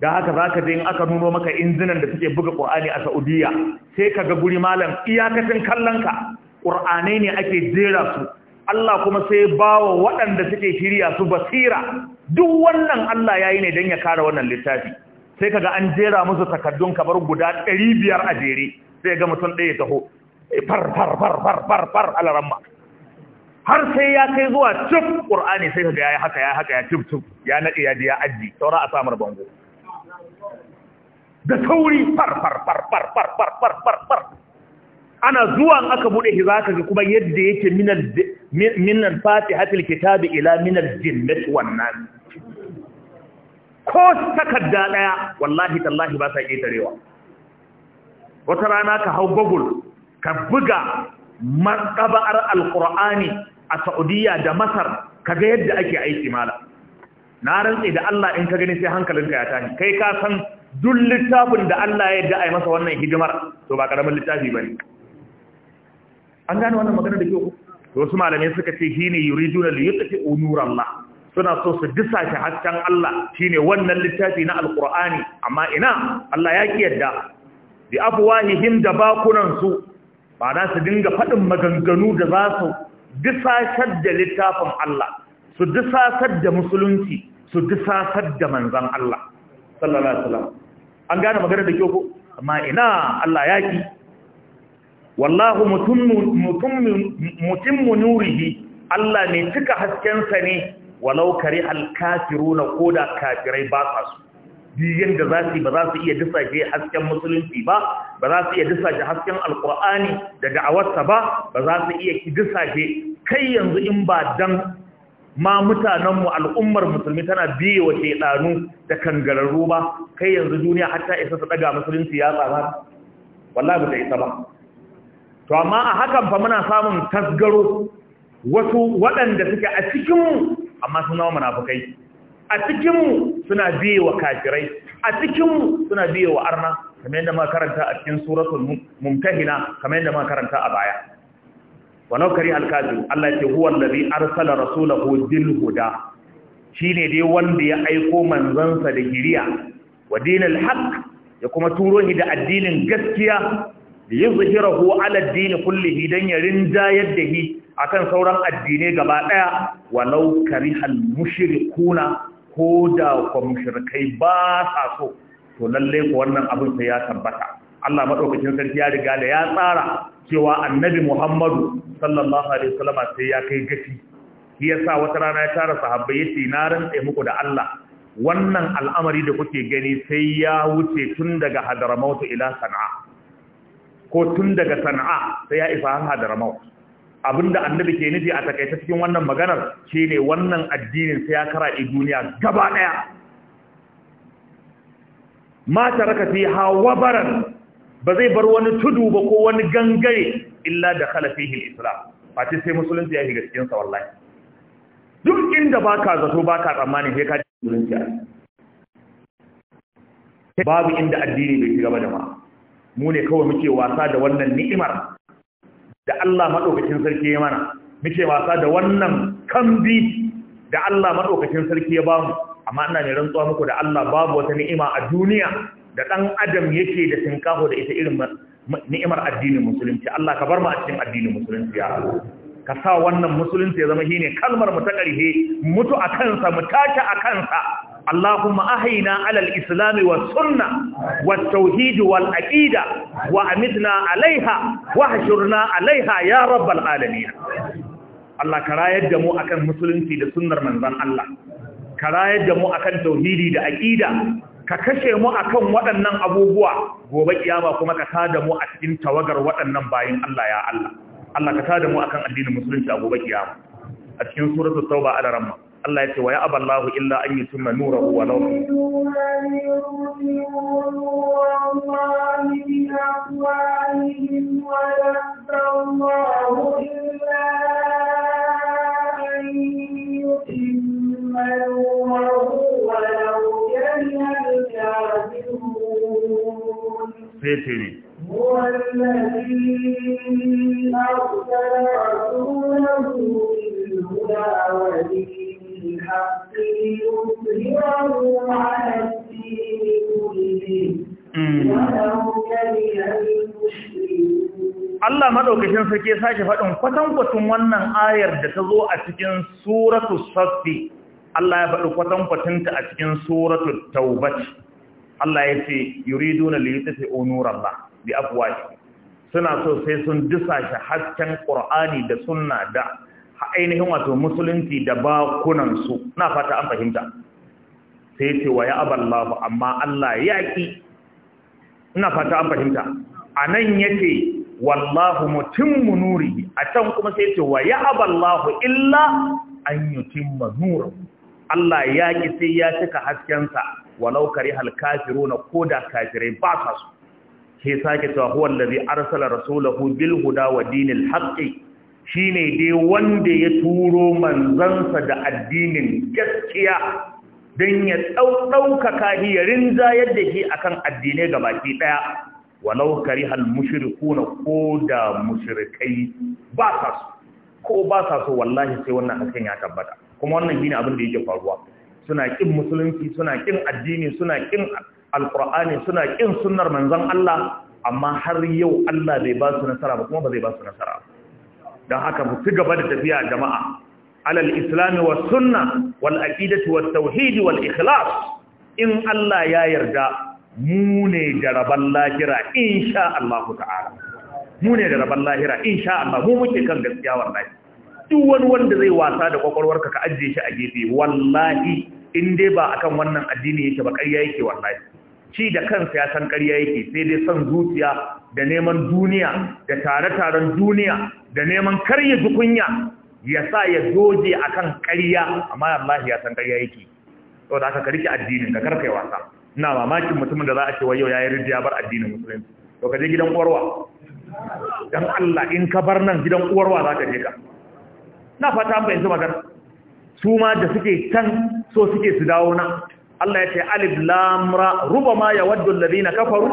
da haka za ka je in aka nuno maka injinan da suke buga ƙur'ani a saudiya sai ka ga guri malam iyakacin kallonka ƙur'anai ne ake jera su Allah kuma sai bawa waɗanda suke shirya su basira duk wannan Allah ya yi ne don ya kara wannan littafi sai kaga an jera musu takardun kamar guda ɗari biyar a jere sai ga mutum ɗaya taho far far far far far far alaramma har sai ya kai zuwa cif ƙur'ani sai kaga ya yi haka ya haka ya cif cif ya naɗe ya ji ya aji saura a samar bango da sauri far far far far far far far far ana zuwa aka bude shi zaka ga kuma yadda yake minal minal fatihatul kitab ila minal jinnat wan nas ko takarda daya wallahi tallahi ba sai tarewa. wata rana ka hau google ka buga martaba'ar alqur'ani a saudiya da masar ka ga yadda ake aiki mala na rantsi da Allah in ka gani sai hankalinka ya tashi kai ka san duk littafin da Allah ya yarda a yi masa wannan hidimar to ba karamin littafi bane an gane wannan magana da ke ko. wasu malamai suka ce shine yuriduna li yutfi'u ma. suna so su disa shi hasken Allah shine wannan littafi na Alkur'ani. amma ina Allah ya ki yadda bi afwahihim da bakunansu su ba da su dinga faɗin maganganu da za su disasar da littafin Allah su disasar da musulunci su disasar da manzan Allah sallallahu alaihi wasallam an gane magana da ke ko. amma ina Allah ya ki wallahu mutimmu nurihi Allah ne cika haskensa ne walau kare alkafiruna ko da kafirai ba sa su biyan da za su ba za su iya disashe hasken musulunci ba ba za su iya disashe hasken alkur'ani da da'awarsa ba ba za su iya disashe kai yanzu in ba dan ma mutanenmu al'ummar musulmi tana biye wa shaidanu da kangararru ba kai yanzu duniya hatta isa su daga musulunci ya tsara wallahi ba ta isa ba to amma a hakan fa muna samun tasgaro wasu waɗanda suke a cikinmu amma suna wa munafukai a cikinmu suna biye wa kafirai a cikinmu suna biye wa arna kamar yadda muka karanta a cikin suratul mumtahina kamar yadda muka karanta a baya walau kari alkafiru Allah ce huwa allazi arsala rasulahu bil huda shine dai wanda ya aiko manzansa da giriya wa dinil haqq ya kuma turo shi da addinin gaskiya liyuzhirahu ala ad-din kullihi dan ya rinjayar da hi akan sauran addinai gaba daya walau karihal mushrikuna ko da ko mushrikai ba sa so to lalle ko wannan abin sai ya tabbata Allah madaukakin sarki ya riga da ya tsara cewa annabi Muhammadu sallallahu alaihi wasallam sai ya kai gashi. shi yasa wata rana ya tara sahabbai yace na rantsa muku da Allah wannan al'amari da kuke gani sai ya wuce tun daga Hadramaut ila Sana'a ko tun daga sana'a sai ya isa har hadramaut abinda annabi ke nufi a takaita cikin wannan maganar shine wannan addinin sai ya i duniya gaba ɗaya ma taraka fi hawabaran ba zai bar wani tudu ba ko wani gangare illa da khalafihi islam face sai musulunci ya shiga cikin wallahi duk inda baka zato baka tsammani sai ka ji musulunci babu inda addini bai shiga ba jama'a mu ne kawai muke wasa da wannan ni'imar da Allah maɗaukacin sarki ya mana muke wasa da wannan kambi da Allah maɗaukacin sarki ya bamu amma ina ne rantsuwa muku da Allah babu wata ni'ima a duniya da ɗan adam yake da shinkafa da ita irin ni'imar addinin musulunci Allah ka bar mu a cikin addinin musulunci ya Allah ka sa wannan musulunci ya zama shine kalmar mu ta mutu a kansa mu tashi a kansa اللهم أحينا على الإسلام والسنة والتوحيد والعقيدة وأمتنا عليها واحشرنا عليها يا رب العالمين الله كراية دمو أكن مسلم في السنة من ذن الله كراية دمو أكن توحيدي دا عقيدة ka kashe mu akan waɗannan abubuwa gobe kiyama kuma ka tada mu a cikin tawagar waɗannan bayin Allah ya Allah Allah ka tada mu akan addinin musulunci a gobe kiyama a cikin suratul tauba Allah ya ce wa ya aballahu illa an yutimma nurahu wa law sai ce ne هو الذي أرسل رسوله بالهدى ودين Allah maɗaukacin sarki sake faɗin kwatankwacin wannan ayar da ta zo a cikin suratu safi Allah ya faɗi ta a cikin suratu taubat Allah ya ce yuriduna na liyutafi onurallah bi afuwa suna so sai sun disa shi hasken ƙur'ani da sunna da ainihin wato musulunci da bakunansu na fata an fahimta sai ce wa ya aballahu amma Allah ya ina fata an fahimta a nan ya ce wallahu mutimmu nuri a can kuma sai ce wa ya aballahu illa an yutimma nuru Allah ya ki sai ya cika haskensa walau kari halkafiruna ko da kafirai ba sa su Ke sake cewa huwa zai arsala rasulahu bil huda wa dinil haqqi Shi ne dai wanda ya turo manzansa da addinin gaskiya don ya ɗaukaka shi ya rinjayar da shi akan addinai ga baki ɗaya walau kari hal ko da mushrikai ba sa su ko ba sa so wallahi sai wannan hakan ya tabbata kuma wannan ginin abin da yake faruwa suna kin musulunci suna kin addini suna ƙin alqur'ani suna kin sunnar manzan Allah amma har yau Allah bai ba su nasara ba kuma ba zai ba su nasara ba don haka mu ci gaba da tafiya jama'a alal islami wa sunna wal aqidati wa tauhidi wal ikhlas in Allah ya yarda mu ne da rabban lahira insha Allah ta'ala mu ne da rabban lahira insha Allah mu muke kan gaskiya wallahi duk wani wanda zai wasa da kwakwalwarka ka ajiye shi a gefe wallahi in dai ba akan wannan addini yake ba ƙarya yake wallahi shi da kansa ya san ƙarya yake sai dai son zuciya da neman duniya da tare-taren duniya da neman karye tukunya, ya sa ya doje akan ƙarya amma Allah ya san ƙarya yake saboda da ka karki addinin ka karkai wasa ina mamakin mutumin da za a ce wayo ya yi rijiya bar addinin musulunci to ka je gidan uwarwa dan Allah in ka bar nan gidan uwarwa za ka je ka na fata an bayyana magana su ma da suke can so suke su dawo na Allah ya ce alif lam ra rubama yawaddu alladhina kafaru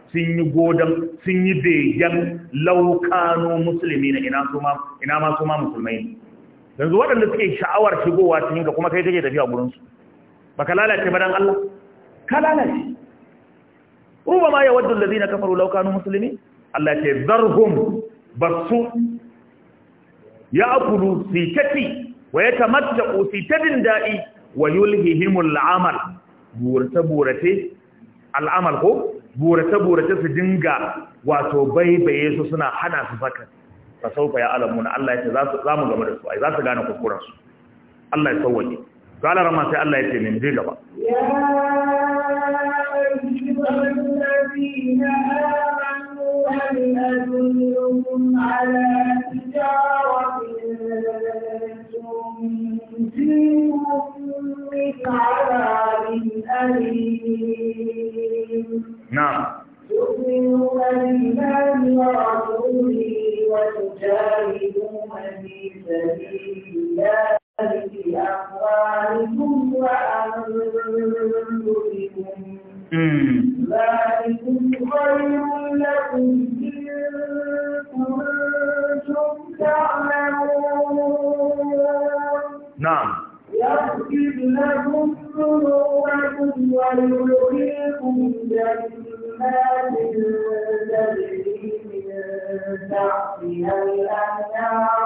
sun yi godon sun yi begen laukano musulmi na ina ma su ma musulmai yanzu waɗanda suke sha'awar shigowa cikin ka kuma kai take tafiya gurinsu ba ka lalace ba dan Allah ka lalace ruba ma ya waddu na kafaru laukano musulmi Allah ce zarhum basu ya akulu sitati wa yatamatta'u sitadin da'i wa yulhihimul amal burace burace al'amal ko burace-burace su dinga wato baibaye su suna hana su zaka fa sauka ya alamuna Allah ya ce za mu game da su ai za su gane kuskurensu Allah ya sauwaje قال رما سي الله يتي من دي غبا يا ايها الذين امنوا هل نعم تؤمنون بالله ورسوله وتجاهدون في سبيل الله بأموالكم وأنفسكم ذلكم خير لكم إن كنتم تعلمون نعم يغفر لكم ذنوبكم ويدخلكم جنات تجري من تحتها الأنهار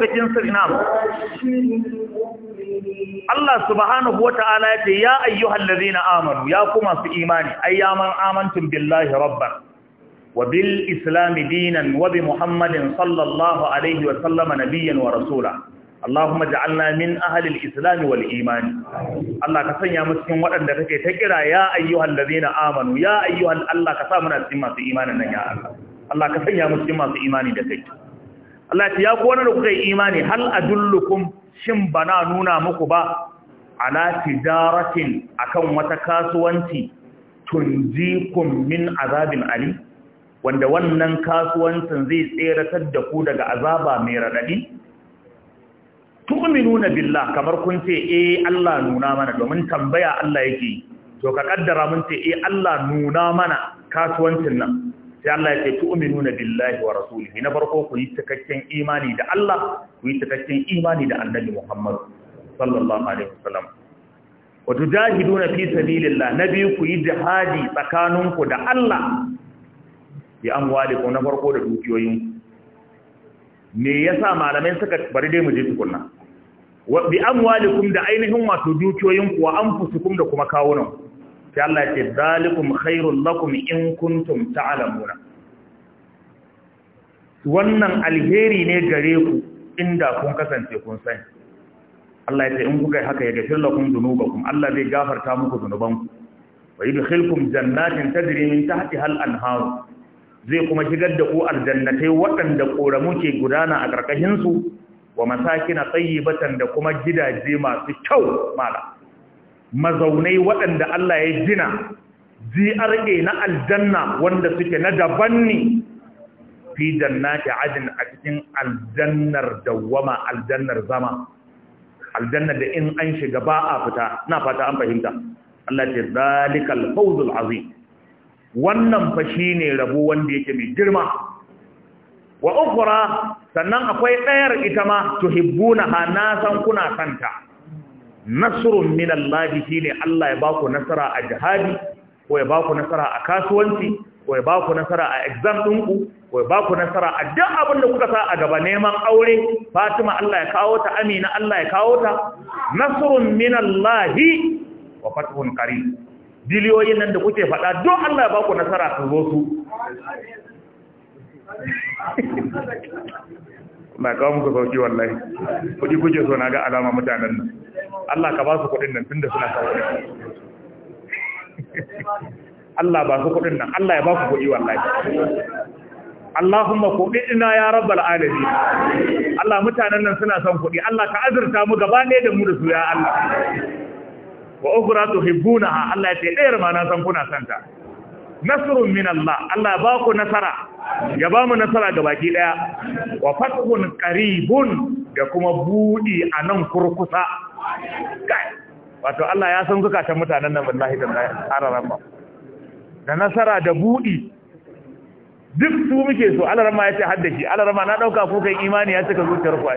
maɗaukakin sirinam Allah subhanahu wa ta'ala ya ce ya ayyuhal ladhina amanu ya kuma su imani ayyaman amantum billahi rabban wa bil islami dinan wa bi muhammadin sallallahu alaihi wa sallama nabiyyan wa rasula Allahumma ja'alna min ahli al-islam wal iman Allah ka sanya mu cikin waɗanda kake ta kira ya ayyuhal ladhina amanu ya ayyuhal Allah ka sa muna cikin masu imanin nan ya Allah Allah ka sanya mu cikin masu imani da kai Allah ce ya kowane da kuka yi imani hal adullukum shin bana nuna muku ba ala tijaratin akan wata kasuwanci tunjikum min azabin ali wanda wannan kasuwancin zai tseratar da ku daga azaba mai radadi tu'minuna billah kamar kun ce eh Allah nuna mana domin tambaya Allah yake to ka kaddara mun ce eh Allah nuna mana kasuwancin nan sai Allah ya ce tu'minuna billahi wa rasulihi na farko ku yi cikakken imani da Allah ku yi cikakken imani da Annabi Muhammad sallallahu alaihi wasallam wa tujahiduna fi sabilillah biyu ku yi jihadi tsakaninku da Allah bi amwalikum na farko da dukiyoyinku me yasa malamai suka bari dai mu je tukunna bi amwalikum da ainihin wato dukiyoyinku wa anfusukum da kuma kawunanku sai Allah ce zalikum khairul lakum in kuntum wannan alheri ne gare ku inda kun kasance kun sani Allah ya ce in kuka yi haka ya gafir lakun zunubakun. Allah zai gafarta muku dunubanku wa yudkhilkum jannatin ta min tahtiha al-anhar zai kuma shigar da ku aljannatai waɗanda koramu ke gudana a karkashin su wa tsayi batan da kuma gidaje masu kyau mala mazaunai waɗanda Allah ya gina GRA na aljanna wanda suke na daban ne fi jannati ajin a cikin aljannar dawwama aljannar zama aljannar da in an shiga ba a fita na fata an fahimta Allah ce zalikal fawzul azim wannan fa shine rabo wanda yake mai girma wa ukhra sannan akwai dayar ita ma ha na san kuna santa nasrun min Allah shine Allah ya baku nasara a jihadi ko ya baku nasara a kasuwanci ko ya baku nasara a exam ɗinku ko ya baku nasara a duk abin da kuka sa a gaba neman aure Fatima Allah ya kawo ta Amina Allah ya kawo ta nasrun min Allah wa fathun qarib biliyoyin nan da kuke faɗa don Allah ya baku nasara ku zo su na kawo muku sauki wallahi kuɗi kuke so na ga alama mutanen nan Allah ka ba su kuɗin nan tunda suna kawo Allah ba su kuɗin nan Allah ya ba ku kuɗi wallahi Allahumma ina ya rabbal alamin Allah mutanen nan suna son kuɗi Allah ka azurta mu gaba ne da mu da su ya Allah wa ukhra tuhibbunaha Allah ya ce ɗayar ma na san kuna santa nasrun min Allah Allah ba ku nasara ya ba mu nasara ga baki daya wa fatuhun qaribun da kuma budi a nan kurkusa wato Allah ya san zukatan mutanen nan wallahi da tsararan ba da nasara da budi duk su muke so Allah rama ya ce haddashi rama na dauka ko kan imani ya cika zuciyar ku [laughs]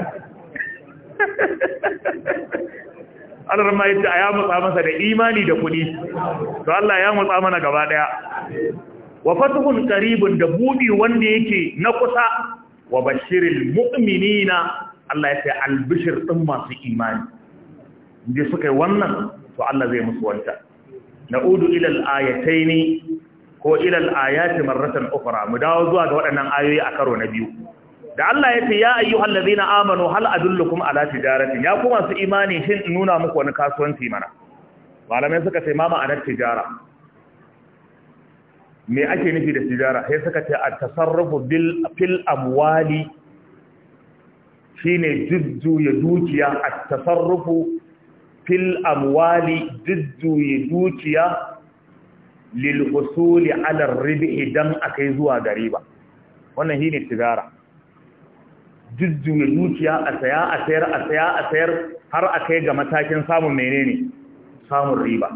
Allah ma ce a ya mutsa masa da imani da kuɗi to Allah ya mutsa mana gaba daya wa fatuhun qaribun da budi wanda yake na kusa wa bashiril mu'minina Allah ya ce albishir din masu imani inda suka yi wannan to Allah zai musu wanta na'udu ila al ko ila al-ayati marratan ukhra mu dawo zuwa ga waɗannan ayoyi a karo na biyu da Allah ya ce ya ayyuhal ladina amanu hal adullukum ala tijaratin ya kuma su imani shin nuna muku wani kasuwanci mana malamai suka ce ma ma'anar tijara me ake nufi da tijara sai suka ce a tasarrufu fil amwali shine jujjuya dukiya a tasarrufu fil amwali jujjuya dukiya lil husuli ala ribhi dan akai zuwa gari ba wannan shine tijara jujjuya dukiya a saya a sayar a saya a sayar har akai ga matakin samun menene samun riba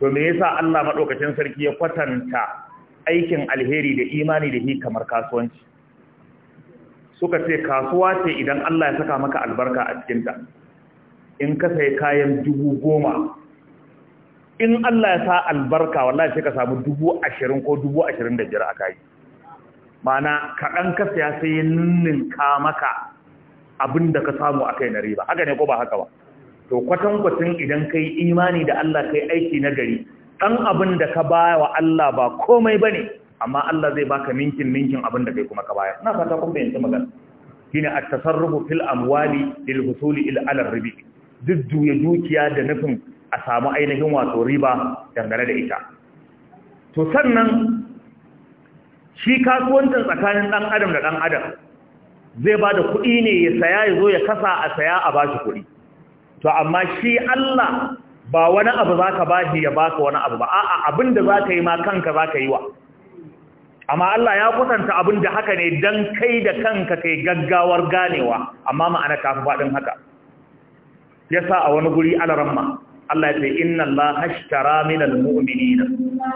to me yasa Allah madaukakin sarki ya kwatanta aikin alheri da imani da hikamar kamar kasuwanci suka ce kasuwa ce idan Allah ya saka maka albarka a cikinta in ka sai kayan dubu goma in Allah ya sa albarka wallahi sai ka samu dubu ashirin ko dubu ashirin da biyar a kayi mana kaɗan ka saya sai ya ka maka abinda ka samu akai na riba haka ne ko ba haka ba to kwatankwacin idan kai imani da Allah kai aiki na gari dan abin da ka baya wa Allah ba komai bane amma Allah zai baka minkin minkin abin da kai kuma ka baya na fata kun bayyana magana shine at-tasarrufu fil amwali lil husuli ila al-ribi duk juya dukiya da nufin a samu ainihin wato riba dangane da ita to sannan shi kasuwancin tsakanin dan adam da dan adam zai ba da kuɗi ne ya saya ya zo ya kasa a saya a bashi kuɗi to amma shi Allah ba wani abu za ka ba ya baka wani abu ba a'a abin da za ka yi ma kanka za ka yi wa amma Allah ya kusanta abinda haka ne don kai da kanka kai gaggawar ganewa amma ma'ana ta fi faɗin haka Yasa a wani guri alaramma Allah ya ce inna Allah hashtara min almu'minina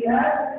Allah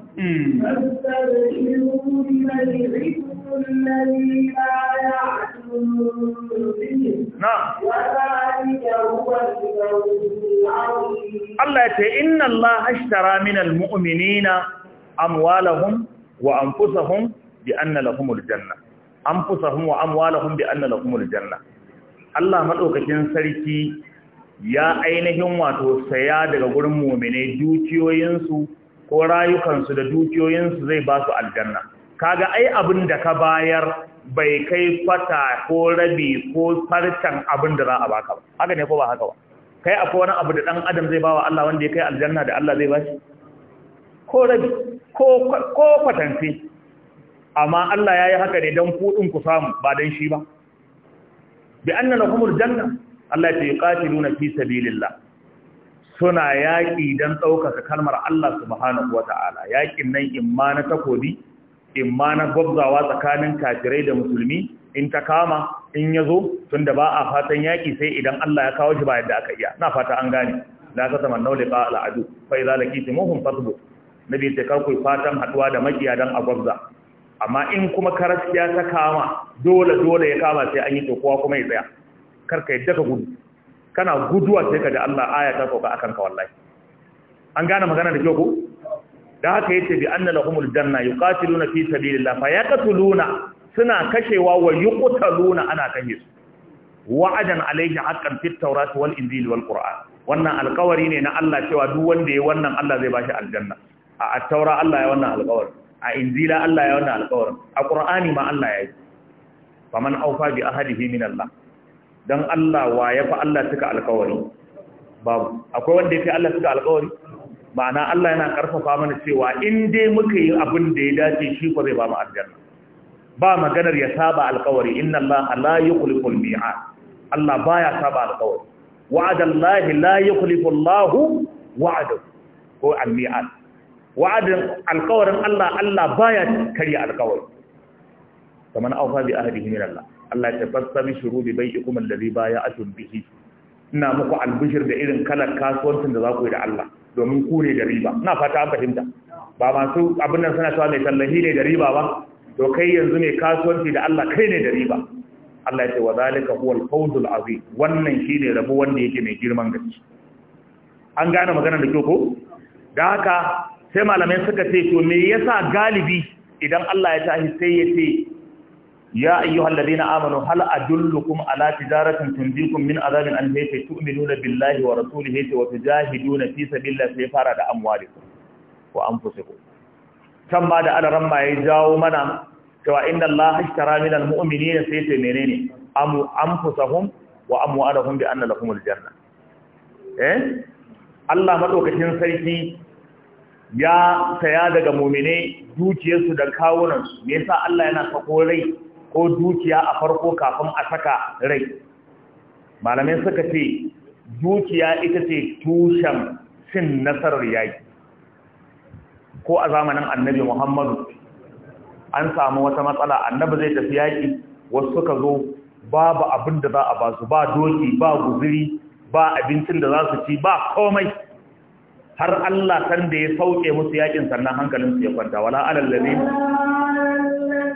Allah ta inna Allah hashtara min al-mu'minina amwalahum wa anfusahum bi anna lahum al-janna anfusahum wa amwalahum bi anna lahum al-janna Allah madaukakin sarki ya ainihin wato saya daga gurin muminai dukiyoyin ko rayukansu da dukiyoyinsu zai ba su aljanna kaga ai abin da ka bayar bai kai kwata ko rabi ko farcan abin da za a baka ba haka ne ko ba haka ba kai akwai wani abu da dan adam zai bawa Allah wanda ya kai aljanna da Allah zai ba shi ko rabi ko ko kwatanci amma Allah yayi haka ne dan ku din ku samu ba dan shi ba bi annana lahumul janna Allah ya ce yuqatiluna fi sabilillah suna yaƙi don ɗaukaka kalmar Allah subhanahu wa ta'ala yaƙin nan imma na takobi imma na gwabzawa tsakanin kafirai da musulmi in ta kama in ya zo tun ba a fatan yaƙi sai idan Allah ya kawo shi ba yadda aka iya na fata an gane la ta saman naule ba al'adu fai za laki muhun fasbo na bi ta fatan haɗuwa da makiya don a gwabza amma in kuma karaskiya ta kama dole dole ya kama sai an yi tokowa kuma ya tsaya Kar ka yadda ka gudu kana guduwa sai ji Allah aya ta sauka akan ka wallahi an gane magana da kyau ku? da haka yace bi anna lahumul janna yuqatiluna fi sabilillah fa yaqtuluna suna kashewa wa yuqtaluna ana kashe su wa'adan alayhi haqqan fit tawrat wal injil wal qur'an wannan alƙawari ne na Allah cewa duk wanda ya wannan Allah zai bashi aljanna a at-taura Allah ya wannan alƙawari a injila Allah ya wannan alƙawari a qur'ani ma Allah ya yi faman awfa bi ahadihi min Allah don Allah wa ya fi Allah suka alkawari babu akwai wanda ya fi Allah suka alkawari ma'ana Allah yana karfafa mana cewa in dai muka yi abin da ya dace shi ko zai ba mu aljanna ba maganar ya saba alkawari inna Allah la yukhlifu al-mi'ad Allah baya saba alkawari wa'ada Allah la yukhlifu Allah wa'ada ko al-mi'ad wa'adin alkawarin Allah Allah baya karya alkawari kamar awfa bi ahdihi min Allah Allah ta fassami bi shuru bi bai'ikum allazi atun bihi ina muku albishir da irin kalar kasuwancin da za ku yi da Allah domin ku ne da riba ina fata an fahimta ba masu abin nan suna cewa mai tallahi ne da riba ba to kai yanzu ne kasuwanci da Allah kai ne da riba Allah ya ce wa zalika huwal fawzul azim wannan shine rabo wanda yake mai girman gaske an gane magana da kyau ko da haka sai malamai suka ce to me yasa galibi idan Allah ya tashi sai ya ce يا أيها الذين آمنوا هل أدلكم على تجارة تنجيكم من عذاب أليم تؤمنون بالله ورسوله وتجاهدون في سبيل الله في فرد أموالكم وأنفسكم كم بعد أن رمى يجاو منا cewa inna Allah ashtara min almu'minina sai ce menene amu wa amwalahum bi anna lahumul janna eh Allah madaukakin sarki ya saya daga mu'mine dukiyarsu da kawunan me yasa Allah yana sako rai ko dukiya a farko kafin a saka rai malamai suka ce dukiya ita ce tushen cin nasarar yaki ko a zamanin annabi muhammadu an samu wata matsala annabi zai tafi yaki wasu suka zo babu abin da za a ba su ba doki ba guziri ba abincin da za su ci ba komai har Allah san da ya sauke musu yakin sannan hankalinsu ya kwanta wala alal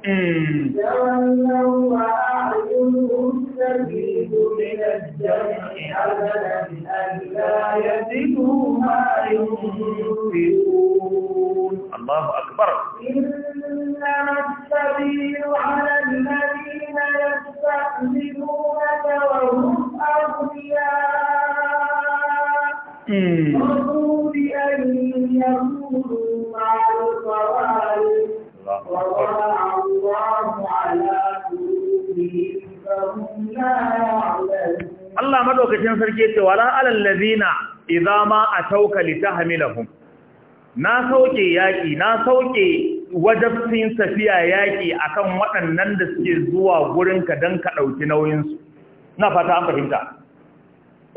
من أبدا ألا يجدوا ما الله أكبر إنما السبيل على الذين يستأذنونك وهم أغنياء رضوا بأن يكونوا مع الخوارج Allah madaukakin sarki ce wala alal ladina idza ma atauka litahmilahum na sauke yaki na sauke wajabtin safiya yaki akan waɗannan da suke zuwa gurinka dan ka dauki nauyin su na fata an fahimta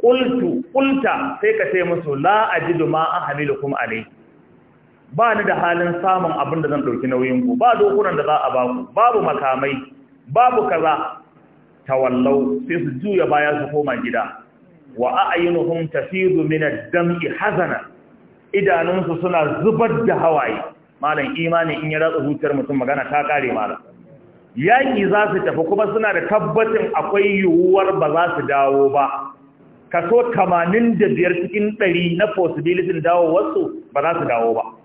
qultu qulta sai ka ce musu la ajidu ma ahmilukum alayhi ba ni da halin samun abin da zan ɗauki nauyin ku ba dokunan da za a baku babu makamai babu kaza tawallau sai su juya baya su koma gida wa a'ayunuhum tafidu min ad-dam'i hazana idanunsu suna zubar da hawaye malam imani in ya ratsa zuciyar mutum magana ta kare malam yaƙi za su tafi kuma suna da tabbacin akwai yiwuwar ba za su dawo ba kaso 85 cikin 100 na possibility dawo wasu ba za su dawo ba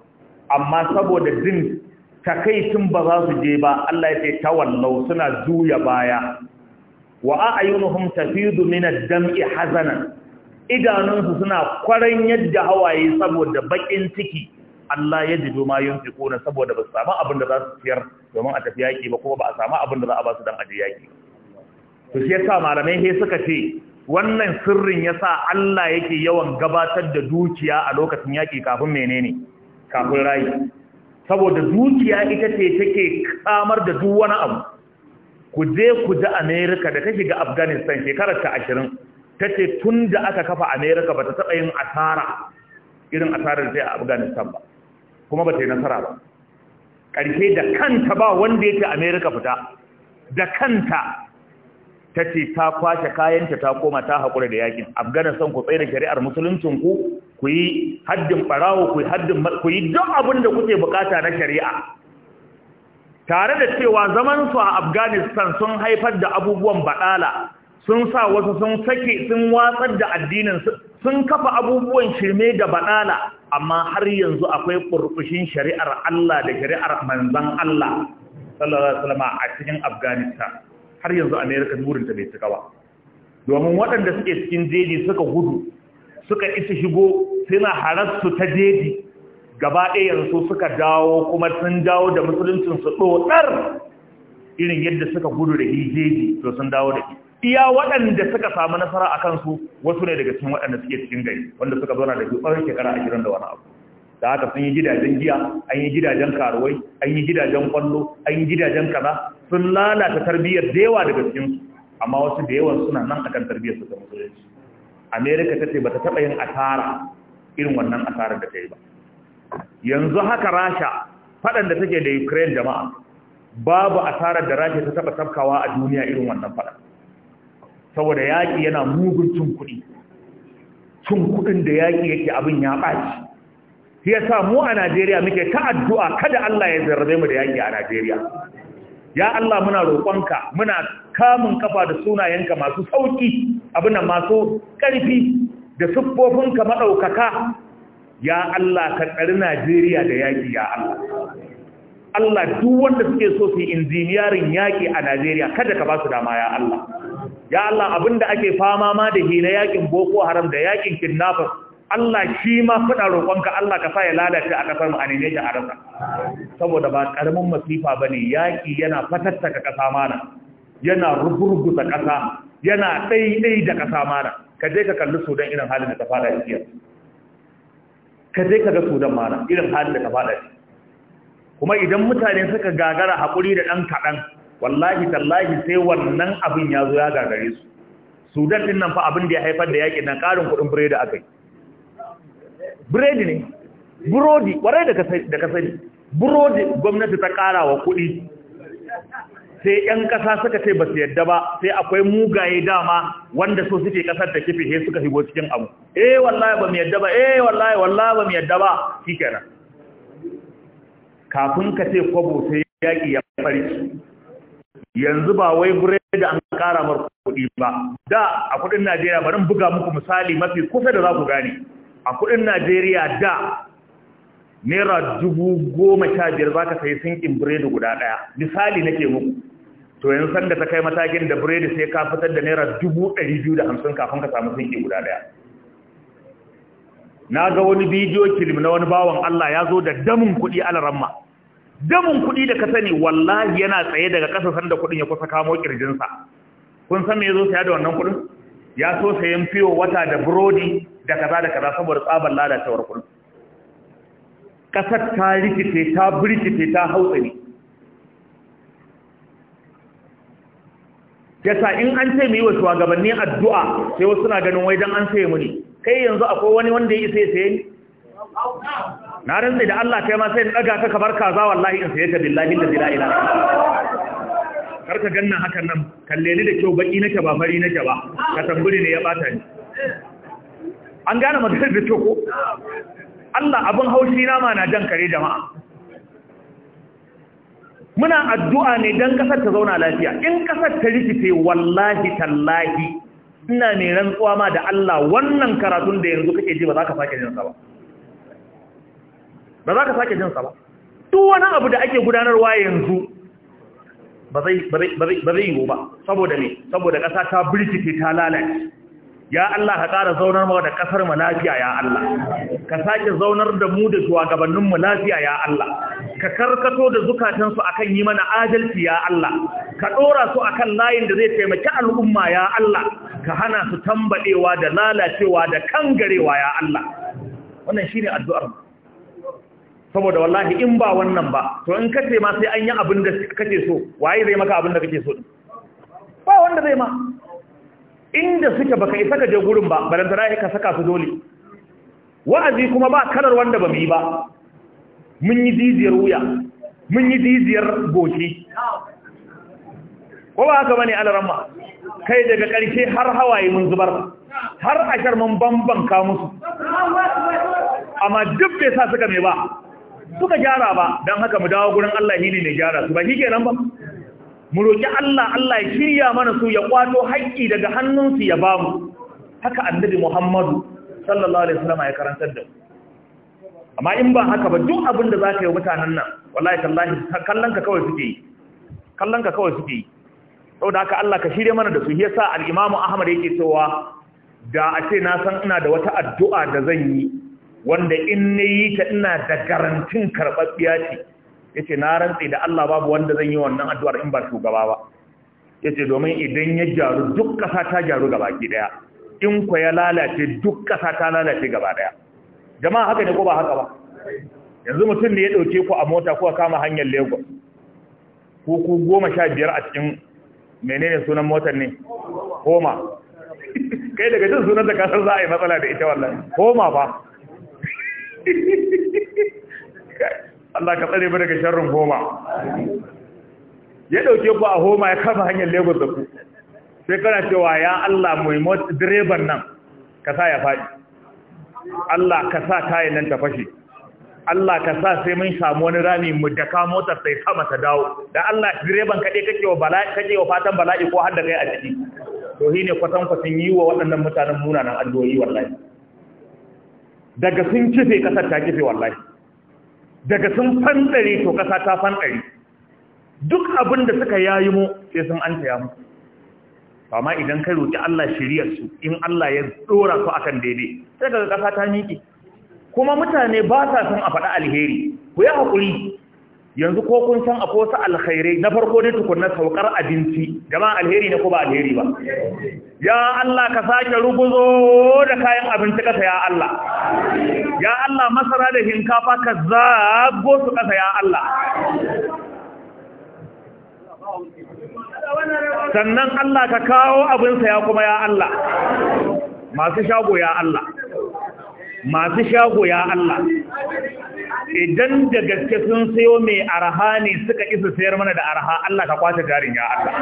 amma saboda jin takaicin ba za su je ba Allah ya ce tawallau suna juya baya wa a'yunuhum tafidu min ad-dam'i hazanan idanunsu suna kwaran yadda hawaye saboda bakin ciki Allah ya jido ma yunfiquna saboda ba su samu abin da za su ciyar domin a tafi yaki ba kuma ba a samu abin da za a ba su dan aje yaki to shi yasa malamai he suka ce wannan sirrin yasa Allah yake yawan gabatar da dukiya a lokacin yaki kafin menene kafin rayi saboda dukiya ita ce take kamar da duk wani abu ku je ku ji america da ta shiga afghanistan shekarar ta ashirin ta ce tun da aka kafa america ba ta taɓa yin asara irin asarar da a afghanistan ba kuma ba ta yi nasara ba karfe da kanta ba wanda yake america fita da kanta ta ce ta kwashe kayanta ta koma ta haƙura da yakin afghanistan ku tsaye da shari'ar musuluncin ku ku yi haddin ɓarawo ku yi haddin ku yi duk abin da kuke bukata na shari'a tare da cewa zaman su a afghanistan sun haifar da abubuwan baɗala sun sa wasu sun sake sun watsar da addinin sun kafa abubuwan shirme da baɗala amma har yanzu akwai ƙurƙushin shari'ar Allah da shari'ar manzon Allah sallallahu alaihi wasallam a cikin afghanistan har yanzu america ta bai cika ba domin waɗanda suke cikin jeji suka gudu suka isa shigo suna harassu ta jeji gaba ɗayan su suka dawo kuma sun dawo da musuluncin su irin yadda suka gudu da jeji to sun dawo da iya waɗanda suka samu nasara a kansu wasu ne daga cikin waɗanda suke cikin gari wanda suka zauna da biyu ɓarin shekara a da wani abu da haka sun yi gidajen giya an yi gidajen karuwai an yi gidajen kwallo an yi gidajen kaza sun lalata tarbiyyar da yawa daga cikinsu amma wasu da yawan suna nan akan tarbiyyar su ta musulunci amerika ta ce bata taɓa yin asara irin wannan asarar da ta yi ba yanzu haka rasha faɗan da take da ukraine jama'a babu asarar da rasha ta taɓa tafkawa a duniya irin wannan faɗan saboda yaƙi yana mugun cin kuɗi cin kuɗin da yaƙi yake abin ya ɓaci shi yasa mu a Najeriya muke ta addu'a kada Allah ya zarrabe mu da yaki a Najeriya ya Allah muna roƙonka muna kamun kafa da sunayenka masu sauƙi, abin nan masu ƙarfi da siffofinka madaukaka ya Allah ka tsari Najeriya da yaki ya Allah Allah duk wanda suke so su injiniyarin yaƙi a Najeriya kada ka ba su dama ya Allah ya Allah abinda ake fama ma da hina yakin Boko Haram da yaƙin kidnappers Allah shi ma fada roƙonka Allah ka sa ya lalace a kasar mu a nene ta arasa saboda ba karamin masifa bane yaki yana fatattaka kasa mana yana ta kasa yana dai da kasa mana ka je ka kalli Sudan irin halin da ta fada shi ka je ka ga Sudan mana irin halin da ta fada shi kuma idan mutane suka gagara hakuri da dan kadan wallahi tallahi sai wannan abin ya zo ya gagare su Sudan din nan fa abin da ya haifar da yaƙi nan ƙarin kuɗin biredi akai Bredi ne burodi warai da kasari. burodi gwamnati ta kara wa kuɗi sai 'yan ƙasa suka ce ba su yadda ba sai akwai mugaye dama wanda so suke ƙasar ta kife sai suka shigo cikin abu eh wallahi ba mu yadda ba eh wallahi wallahi ba mu yadda ba shikenan kafin ka ce kwabo sai yaƙi ya fari. yanzu ba wai biredi an ƙara mar kuɗi ba da a kuɗin Najeriya bari buga muku misali mafi kusa da za ku gane a kudin najeriya da naira dubu goma sha biyar za ka sai sinkin biredi guda ɗaya misali nake muku to yanzu sanda ta kai matakin da biredi sai ka fitar da naira dubu ɗari biyu da hamsin kafin ka samu sinki guda ɗaya na ga wani bidiyo kilim na wani bawan Allah ya zo da damin kuɗi ramma. damin kuɗi da ka sani wallahi yana tsaye daga ƙasa sanda kuɗin ya kusa kamo ƙirjinsa kun san me ya zo saya da wannan kuɗin ya so sayan fiyo wata da burodi da kaza da kaza saboda tsabar lalacewar kullum ƙasar ta rikice ta birkice ta hautsari yasa in an ce mu yi wa shugabanni addu'a sai wasu suna ganin wai dan an sai mu kai yanzu akwai wani wanda ya isa ya saye na da Allah kai ma sai in daga ka kabar kaza wallahi in saye ta billahi da la ilaha kar ka ganna hakan nan kalle ni da kyau baki nake ba fari nake ba ka tambure ne ya bata ni an gane maganar da kyau ko Allah abin haushi na ma na jan kare jama'a muna addu'a ne dan kasar ta zauna lafiya in kasar ta rikice wallahi tallahi ina ne rantsuwa ma da Allah wannan karatun da yanzu kake ji ba za ka sake jinsa ba ba za ka sake sa ba duk wani abu da ake gudanarwa yanzu ba zai yi ba saboda ne saboda ƙasa ta birkice ta lalace ya Allah ka ƙara zaunar mawa da ƙasar mu lafiya ya Allah ka sake zaunar da mu da shugabannin mu lafiya ya Allah ka karkato da zukatansu akan yi mana adalci ya Allah ka ɗora su akan layin da zai taimaki al'umma ya Allah ka hana su tambaɗewa da lalacewa da kangarewa ya Allah wannan shine addu'ar mu saboda wallahi in ba wannan ba to in kace ma sai an yi abin da kake so waye zai maka abin da kake so ba wanda zai ma inda suke baka isa ka je gurin ba balantana ka saka su dole wa'azi kuma ba kalar wanda ba mu yi ba mun yi diziyar wuya mun yi diziyar goshi ko ba haka bane alaramma kai daga karshe har hawaye mun zubar har ashar mun bambanka musu amma duk bai sa suka mai ba suka gyara ba don haka mu dawo gurin Allah shi ne ne gyara su ba shi kenan ba mu roƙi Allah Allah ya shirya mana su ya kwato haƙƙi daga hannunsu ya ba mu haka annabi Muhammadu sallallahu alaihi wasallam ya karantar da amma in ba haka ba duk abin da ka yi mutanen nan wallahi tallahi kallon ka kawai suke yi kallon ka kawai suke yi saboda haka Allah ka shirye mana da su yasa al-Imam Ahmad yake cewa da a ce na san ina da wata addu'a da zan yi wanda in na yi ta ina da garantin karɓaɓɓiya ce ya ce na rantse da Allah babu wanda zan yi wannan addu'ar in ba shugaba ba ya ce domin idan ya jaru duk ƙasa ta jaru gaba ki ɗaya in kwa ya lalace duk ƙasa ta lalace gaba ɗaya jama'a haka ne ko ba haka ba yanzu mutum da ya ɗauke ku a mota ko a kama hanyar lagos ko ku goma sha biyar a cikin menene sunan motar ne koma [laughs] kai daga jin sunan da kasar za a yi matsala da ita wallahi koma ba Allah ka tsare mu daga sharrin homa ya dauke ku a homa ya kama hanyar Lagos da ku sai kana cewa ya Allah mai direban nan ka sa ya faɗi Allah ka sa kayan nan ta fashe Allah ka sa sai mun samu wani rami mu daka motar sai sama ta dawo da Allah direban kaɗai kake wa bala'i wa fatan bala'i ko har da kai a ciki to shine kwatan kwatin yi wa waɗannan mutanen munanan addu'o'i wallahi daga sun kife kasar ta kife wallahi daga sun fanɗare to kasa ta fanɗare duk abin da suka yayi mu sai sun an taya mu amma idan kai roki Allah shiriyar su in Allah ya dora su akan daidai sai daga kasa ta miƙe kuma mutane ba sa son a faɗa alheri ku yi haƙuri yanzu ko kun san akwai wasu alkhairai na farko dai tukunna saukar abinci ba alheri ne ko ba alheri ba ya Allah ka sake rubuzo da kayan abinci kasa ya Allah ya Allah masara da hinkafa ka zago su kasa ya Allah sannan Allah ka kawo abin ya kuma ya Allah masu shago ya Allah masu shago ya Allah idan da gaske sun sayo mai araha ne suka isa sayar mana da araha Allah ka kwace jarin ya Allah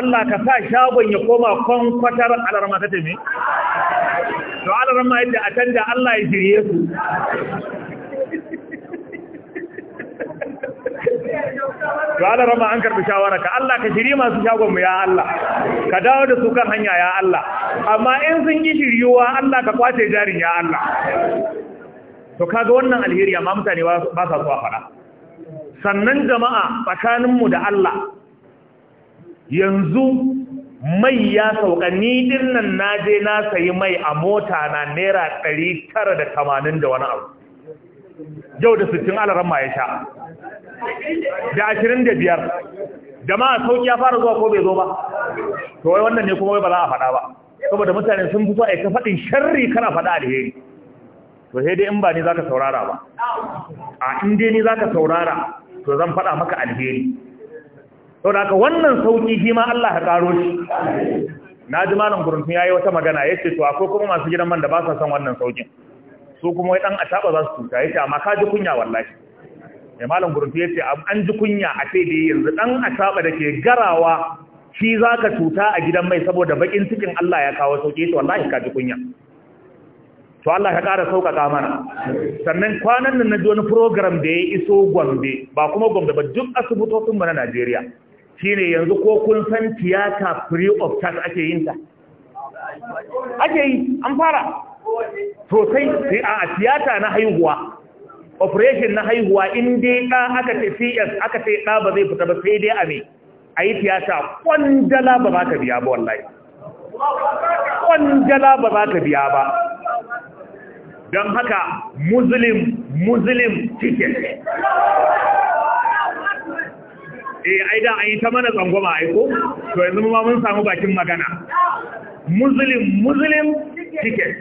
Allah ka sa shagon ya koma kwankwatar alarma ta teme to alarma yadda a canja Allah ya shirye su to alarma an karbi shawara ka Allah ka shiri masu shagon mu ya Allah ka dawo da su kan hanya ya Allah amma in sun yi shiryuwa Allah ka kwace jarin ya Allah to kaga wannan alheri amma mutane ba sa so a fara sannan jama'a tsakaninmu da Allah yanzu mai ya sauka ni dinnan na je na sayi mai a mota na naira 980 da wani abu yau da 60 alaran ma ya sha da 25 jama'a sauki ya fara zuwa ko bai zo ba to wai wannan ne kuma wai ba za a faɗa ba saboda mutane sun fi so a ka faɗin sharri kana faɗa alheri to sai dai in ba ni zaka saurara ba a in dai ni zaka saurara to zan faɗa maka alheri to da wannan sauki shi ma Allah ya karo shi na ji malam gurunfin yayi wata magana yace to akwai kuma masu gidan man da ba sa son wannan saukin su kuma wai dan taba za su tuta yace amma ka ji kunya wallahi mai malam gurunfi yace an ji kunya a sai dai yanzu dan a da ke garawa shi zaka tuta a gidan mai saboda bakin cikin Allah ya kawo sauki to wallahi ka ji kunya to Allah ka ƙara sauƙaƙa mana sannan kwanan nan na ji wani program da ya iso gombe ba kuma gombe ba duk asibitocin na Najeriya shine yanzu ko kun san tiyata free of charge ake yin ta ake yi an fara sosai a tiyata na haihuwa operation na haihuwa in dai ka aka ce cs aka ce ɗa ba zai fita ba sai dai a ne a yi tiyata kwandala ba za ka biya ba wallahi kwandala ba za ka biya ba don haka muslim muslim cikin eh ai da an yi ta mana tsangwama ai ko to yanzu ma mun samu bakin magana muslim muslim cikin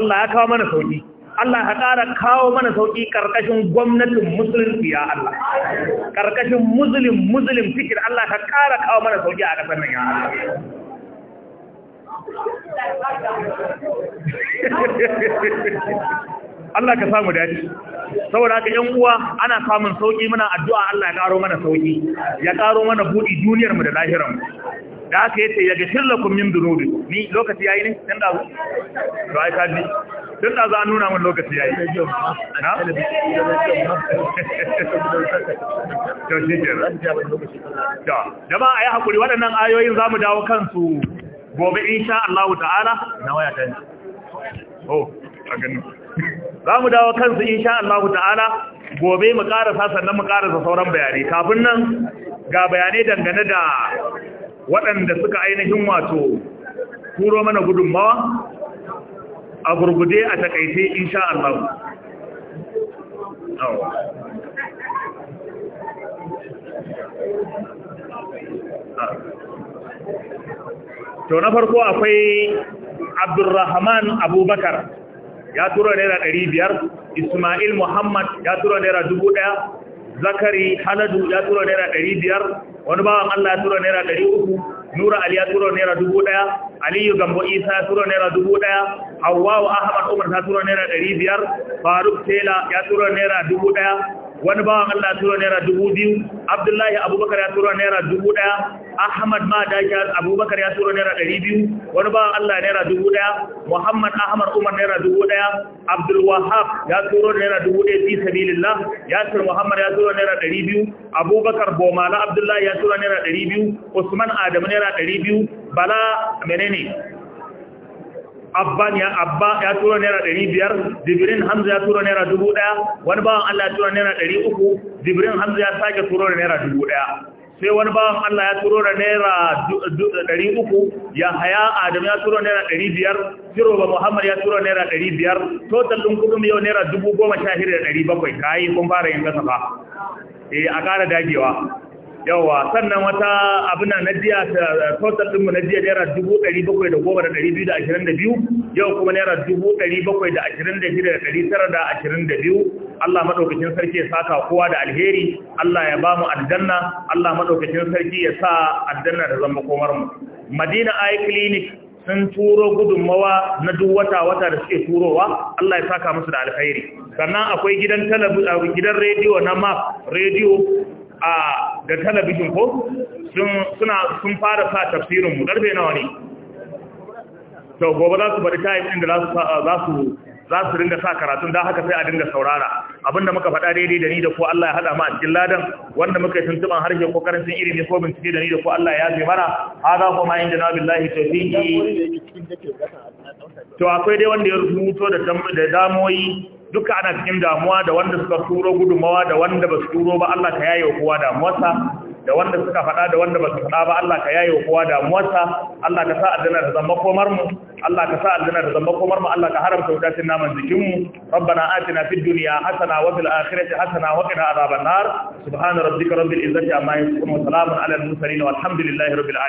Allah ya kawo mana sauki Allah ya ƙara kawo mana sauƙi ƙarƙashin gwamnatin musulunci ya Allah. Ƙarƙashin muslim muslim cikin Allah ka ƙara kawo mana sauƙi a ƙasar nan ya Allah. Allah ka samu dace saboda haka yan uwa ana samun sauki muna addu'a Allah ya karo mana sauki ya karo mana budi duniyar mu da lahiranmu. mu da aka yace ya gashir lakum min dunubi ni lokaci yayi ne dan dazu to ai ka ji dan za an nuna mun lokaci yayi yi. to shi a yi jama'a hakuri waɗannan ayoyin zamu dawo kansu gobe insha Allah ta'ala na waya ta oh a ganin za mu dawo kansu insha Allah ta'ala gobe mu karasa sannan mu karasa sauran bayanai kafin nan ga bayanai dangane da waɗanda suka ainihin wato turo mana gudunmawa a gurgude a takaice insha Allah Thank you. Oh. Ah. to na farko akwai abdurrahman abubakar ya turo naira ɗari biyar ismail muhammad ya turo naira dubu ɗaya zakari haladu ya turo naira ɗari biyar wani bawan allah ya turo naira ɗari uku nura ali ya turo naira dubu ɗaya aliyu gambo isa ya turo naira dubu ɗaya hawawa ahmad umar ta turo naira ɗari biyar faruk tela ya turo naira dubu ɗaya wani bawan Allah turo naira dubu biyu abdullahi abubakar ya turo naira dubu daya ahmad ma dakiya abubakar ya turo naira ɗari biyu wani bawan Allah naira dubu daya muhammad ahmad umar naira dubu daya abdulwahab ya turo naira dubu daya fi sabilillah yasir muhammad ya turo naira ɗari biyu abubakar bomala abdullahi ya turo naira ɗari biyu usman adamu naira ɗari biyu bala menene abban ya abba ya tura naira ɗari biyar jibirin hamza ya tura naira 1000 wani bawan allah ya turo naira ɗari uku hamza ya sake tura naira 1000 sai wani bawan allah ya tura naira ɗari ya haya adam ya tura naira ɗari biyar ba muhammad ya tura naira ɗari total ɗin kudin yau naira dubu goma sha da ɗari bakwai kun fara yin gasa eh a ƙara dagewa yawa sannan wata abuna na jiya total ɗinmu na jiya naira dubu ɗari bakwai da goma da ɗari biyu da da biyu yau kuma naira dubu ɗari bakwai da da da ɗari tara da da biyu Allah madaukakin sarki ya saka kowa da alheri Allah ya ba mu aljanna Allah madaukakin sarki ya sa aljanna da zama komar mu Madina Eye Clinic sun turo gudunmawa na duk wata-wata da suke turowa Allah ya saka musu da alheri. sannan akwai gidan gidan rediyo na map rediyo a da talabijin ko sun fara sa tafsirin mu ƙarfe nawa ne to gobe za su bari tayi inda za su za su ringa sa karatun da haka sai a dinga saurara abinda muka faɗa daidai da ni da ko Allah ya haɗa mu a cikin ladan wanda muka yi tuntuban harshe ko karancin ilimi ko bincike da ni da ko Allah ya zai mana hada ko ma inda na billahi tawfiqi to akwai dai wanda ya rubuto da damoyi duka ana cikin damuwa da wanda suka turo gudunmawa da wanda ba su turo ba Allah ka yaye kowa damuwarsa da wanda suka faɗa da wanda ba su faɗa ba Allah ka yaye kowa damuwarsa Allah ka sa aljanna da zama komar mu Allah ka sa aljanna da zama komar mu Allah ka haramta wadatin naman jikin mu rabbana atina fid dunya hasana wa fil akhirati hasana wa qina adhaban nar subhana rabbika rabbil izzati amma yasifun wa salamun alal mursalin walhamdulillahi rabbil alamin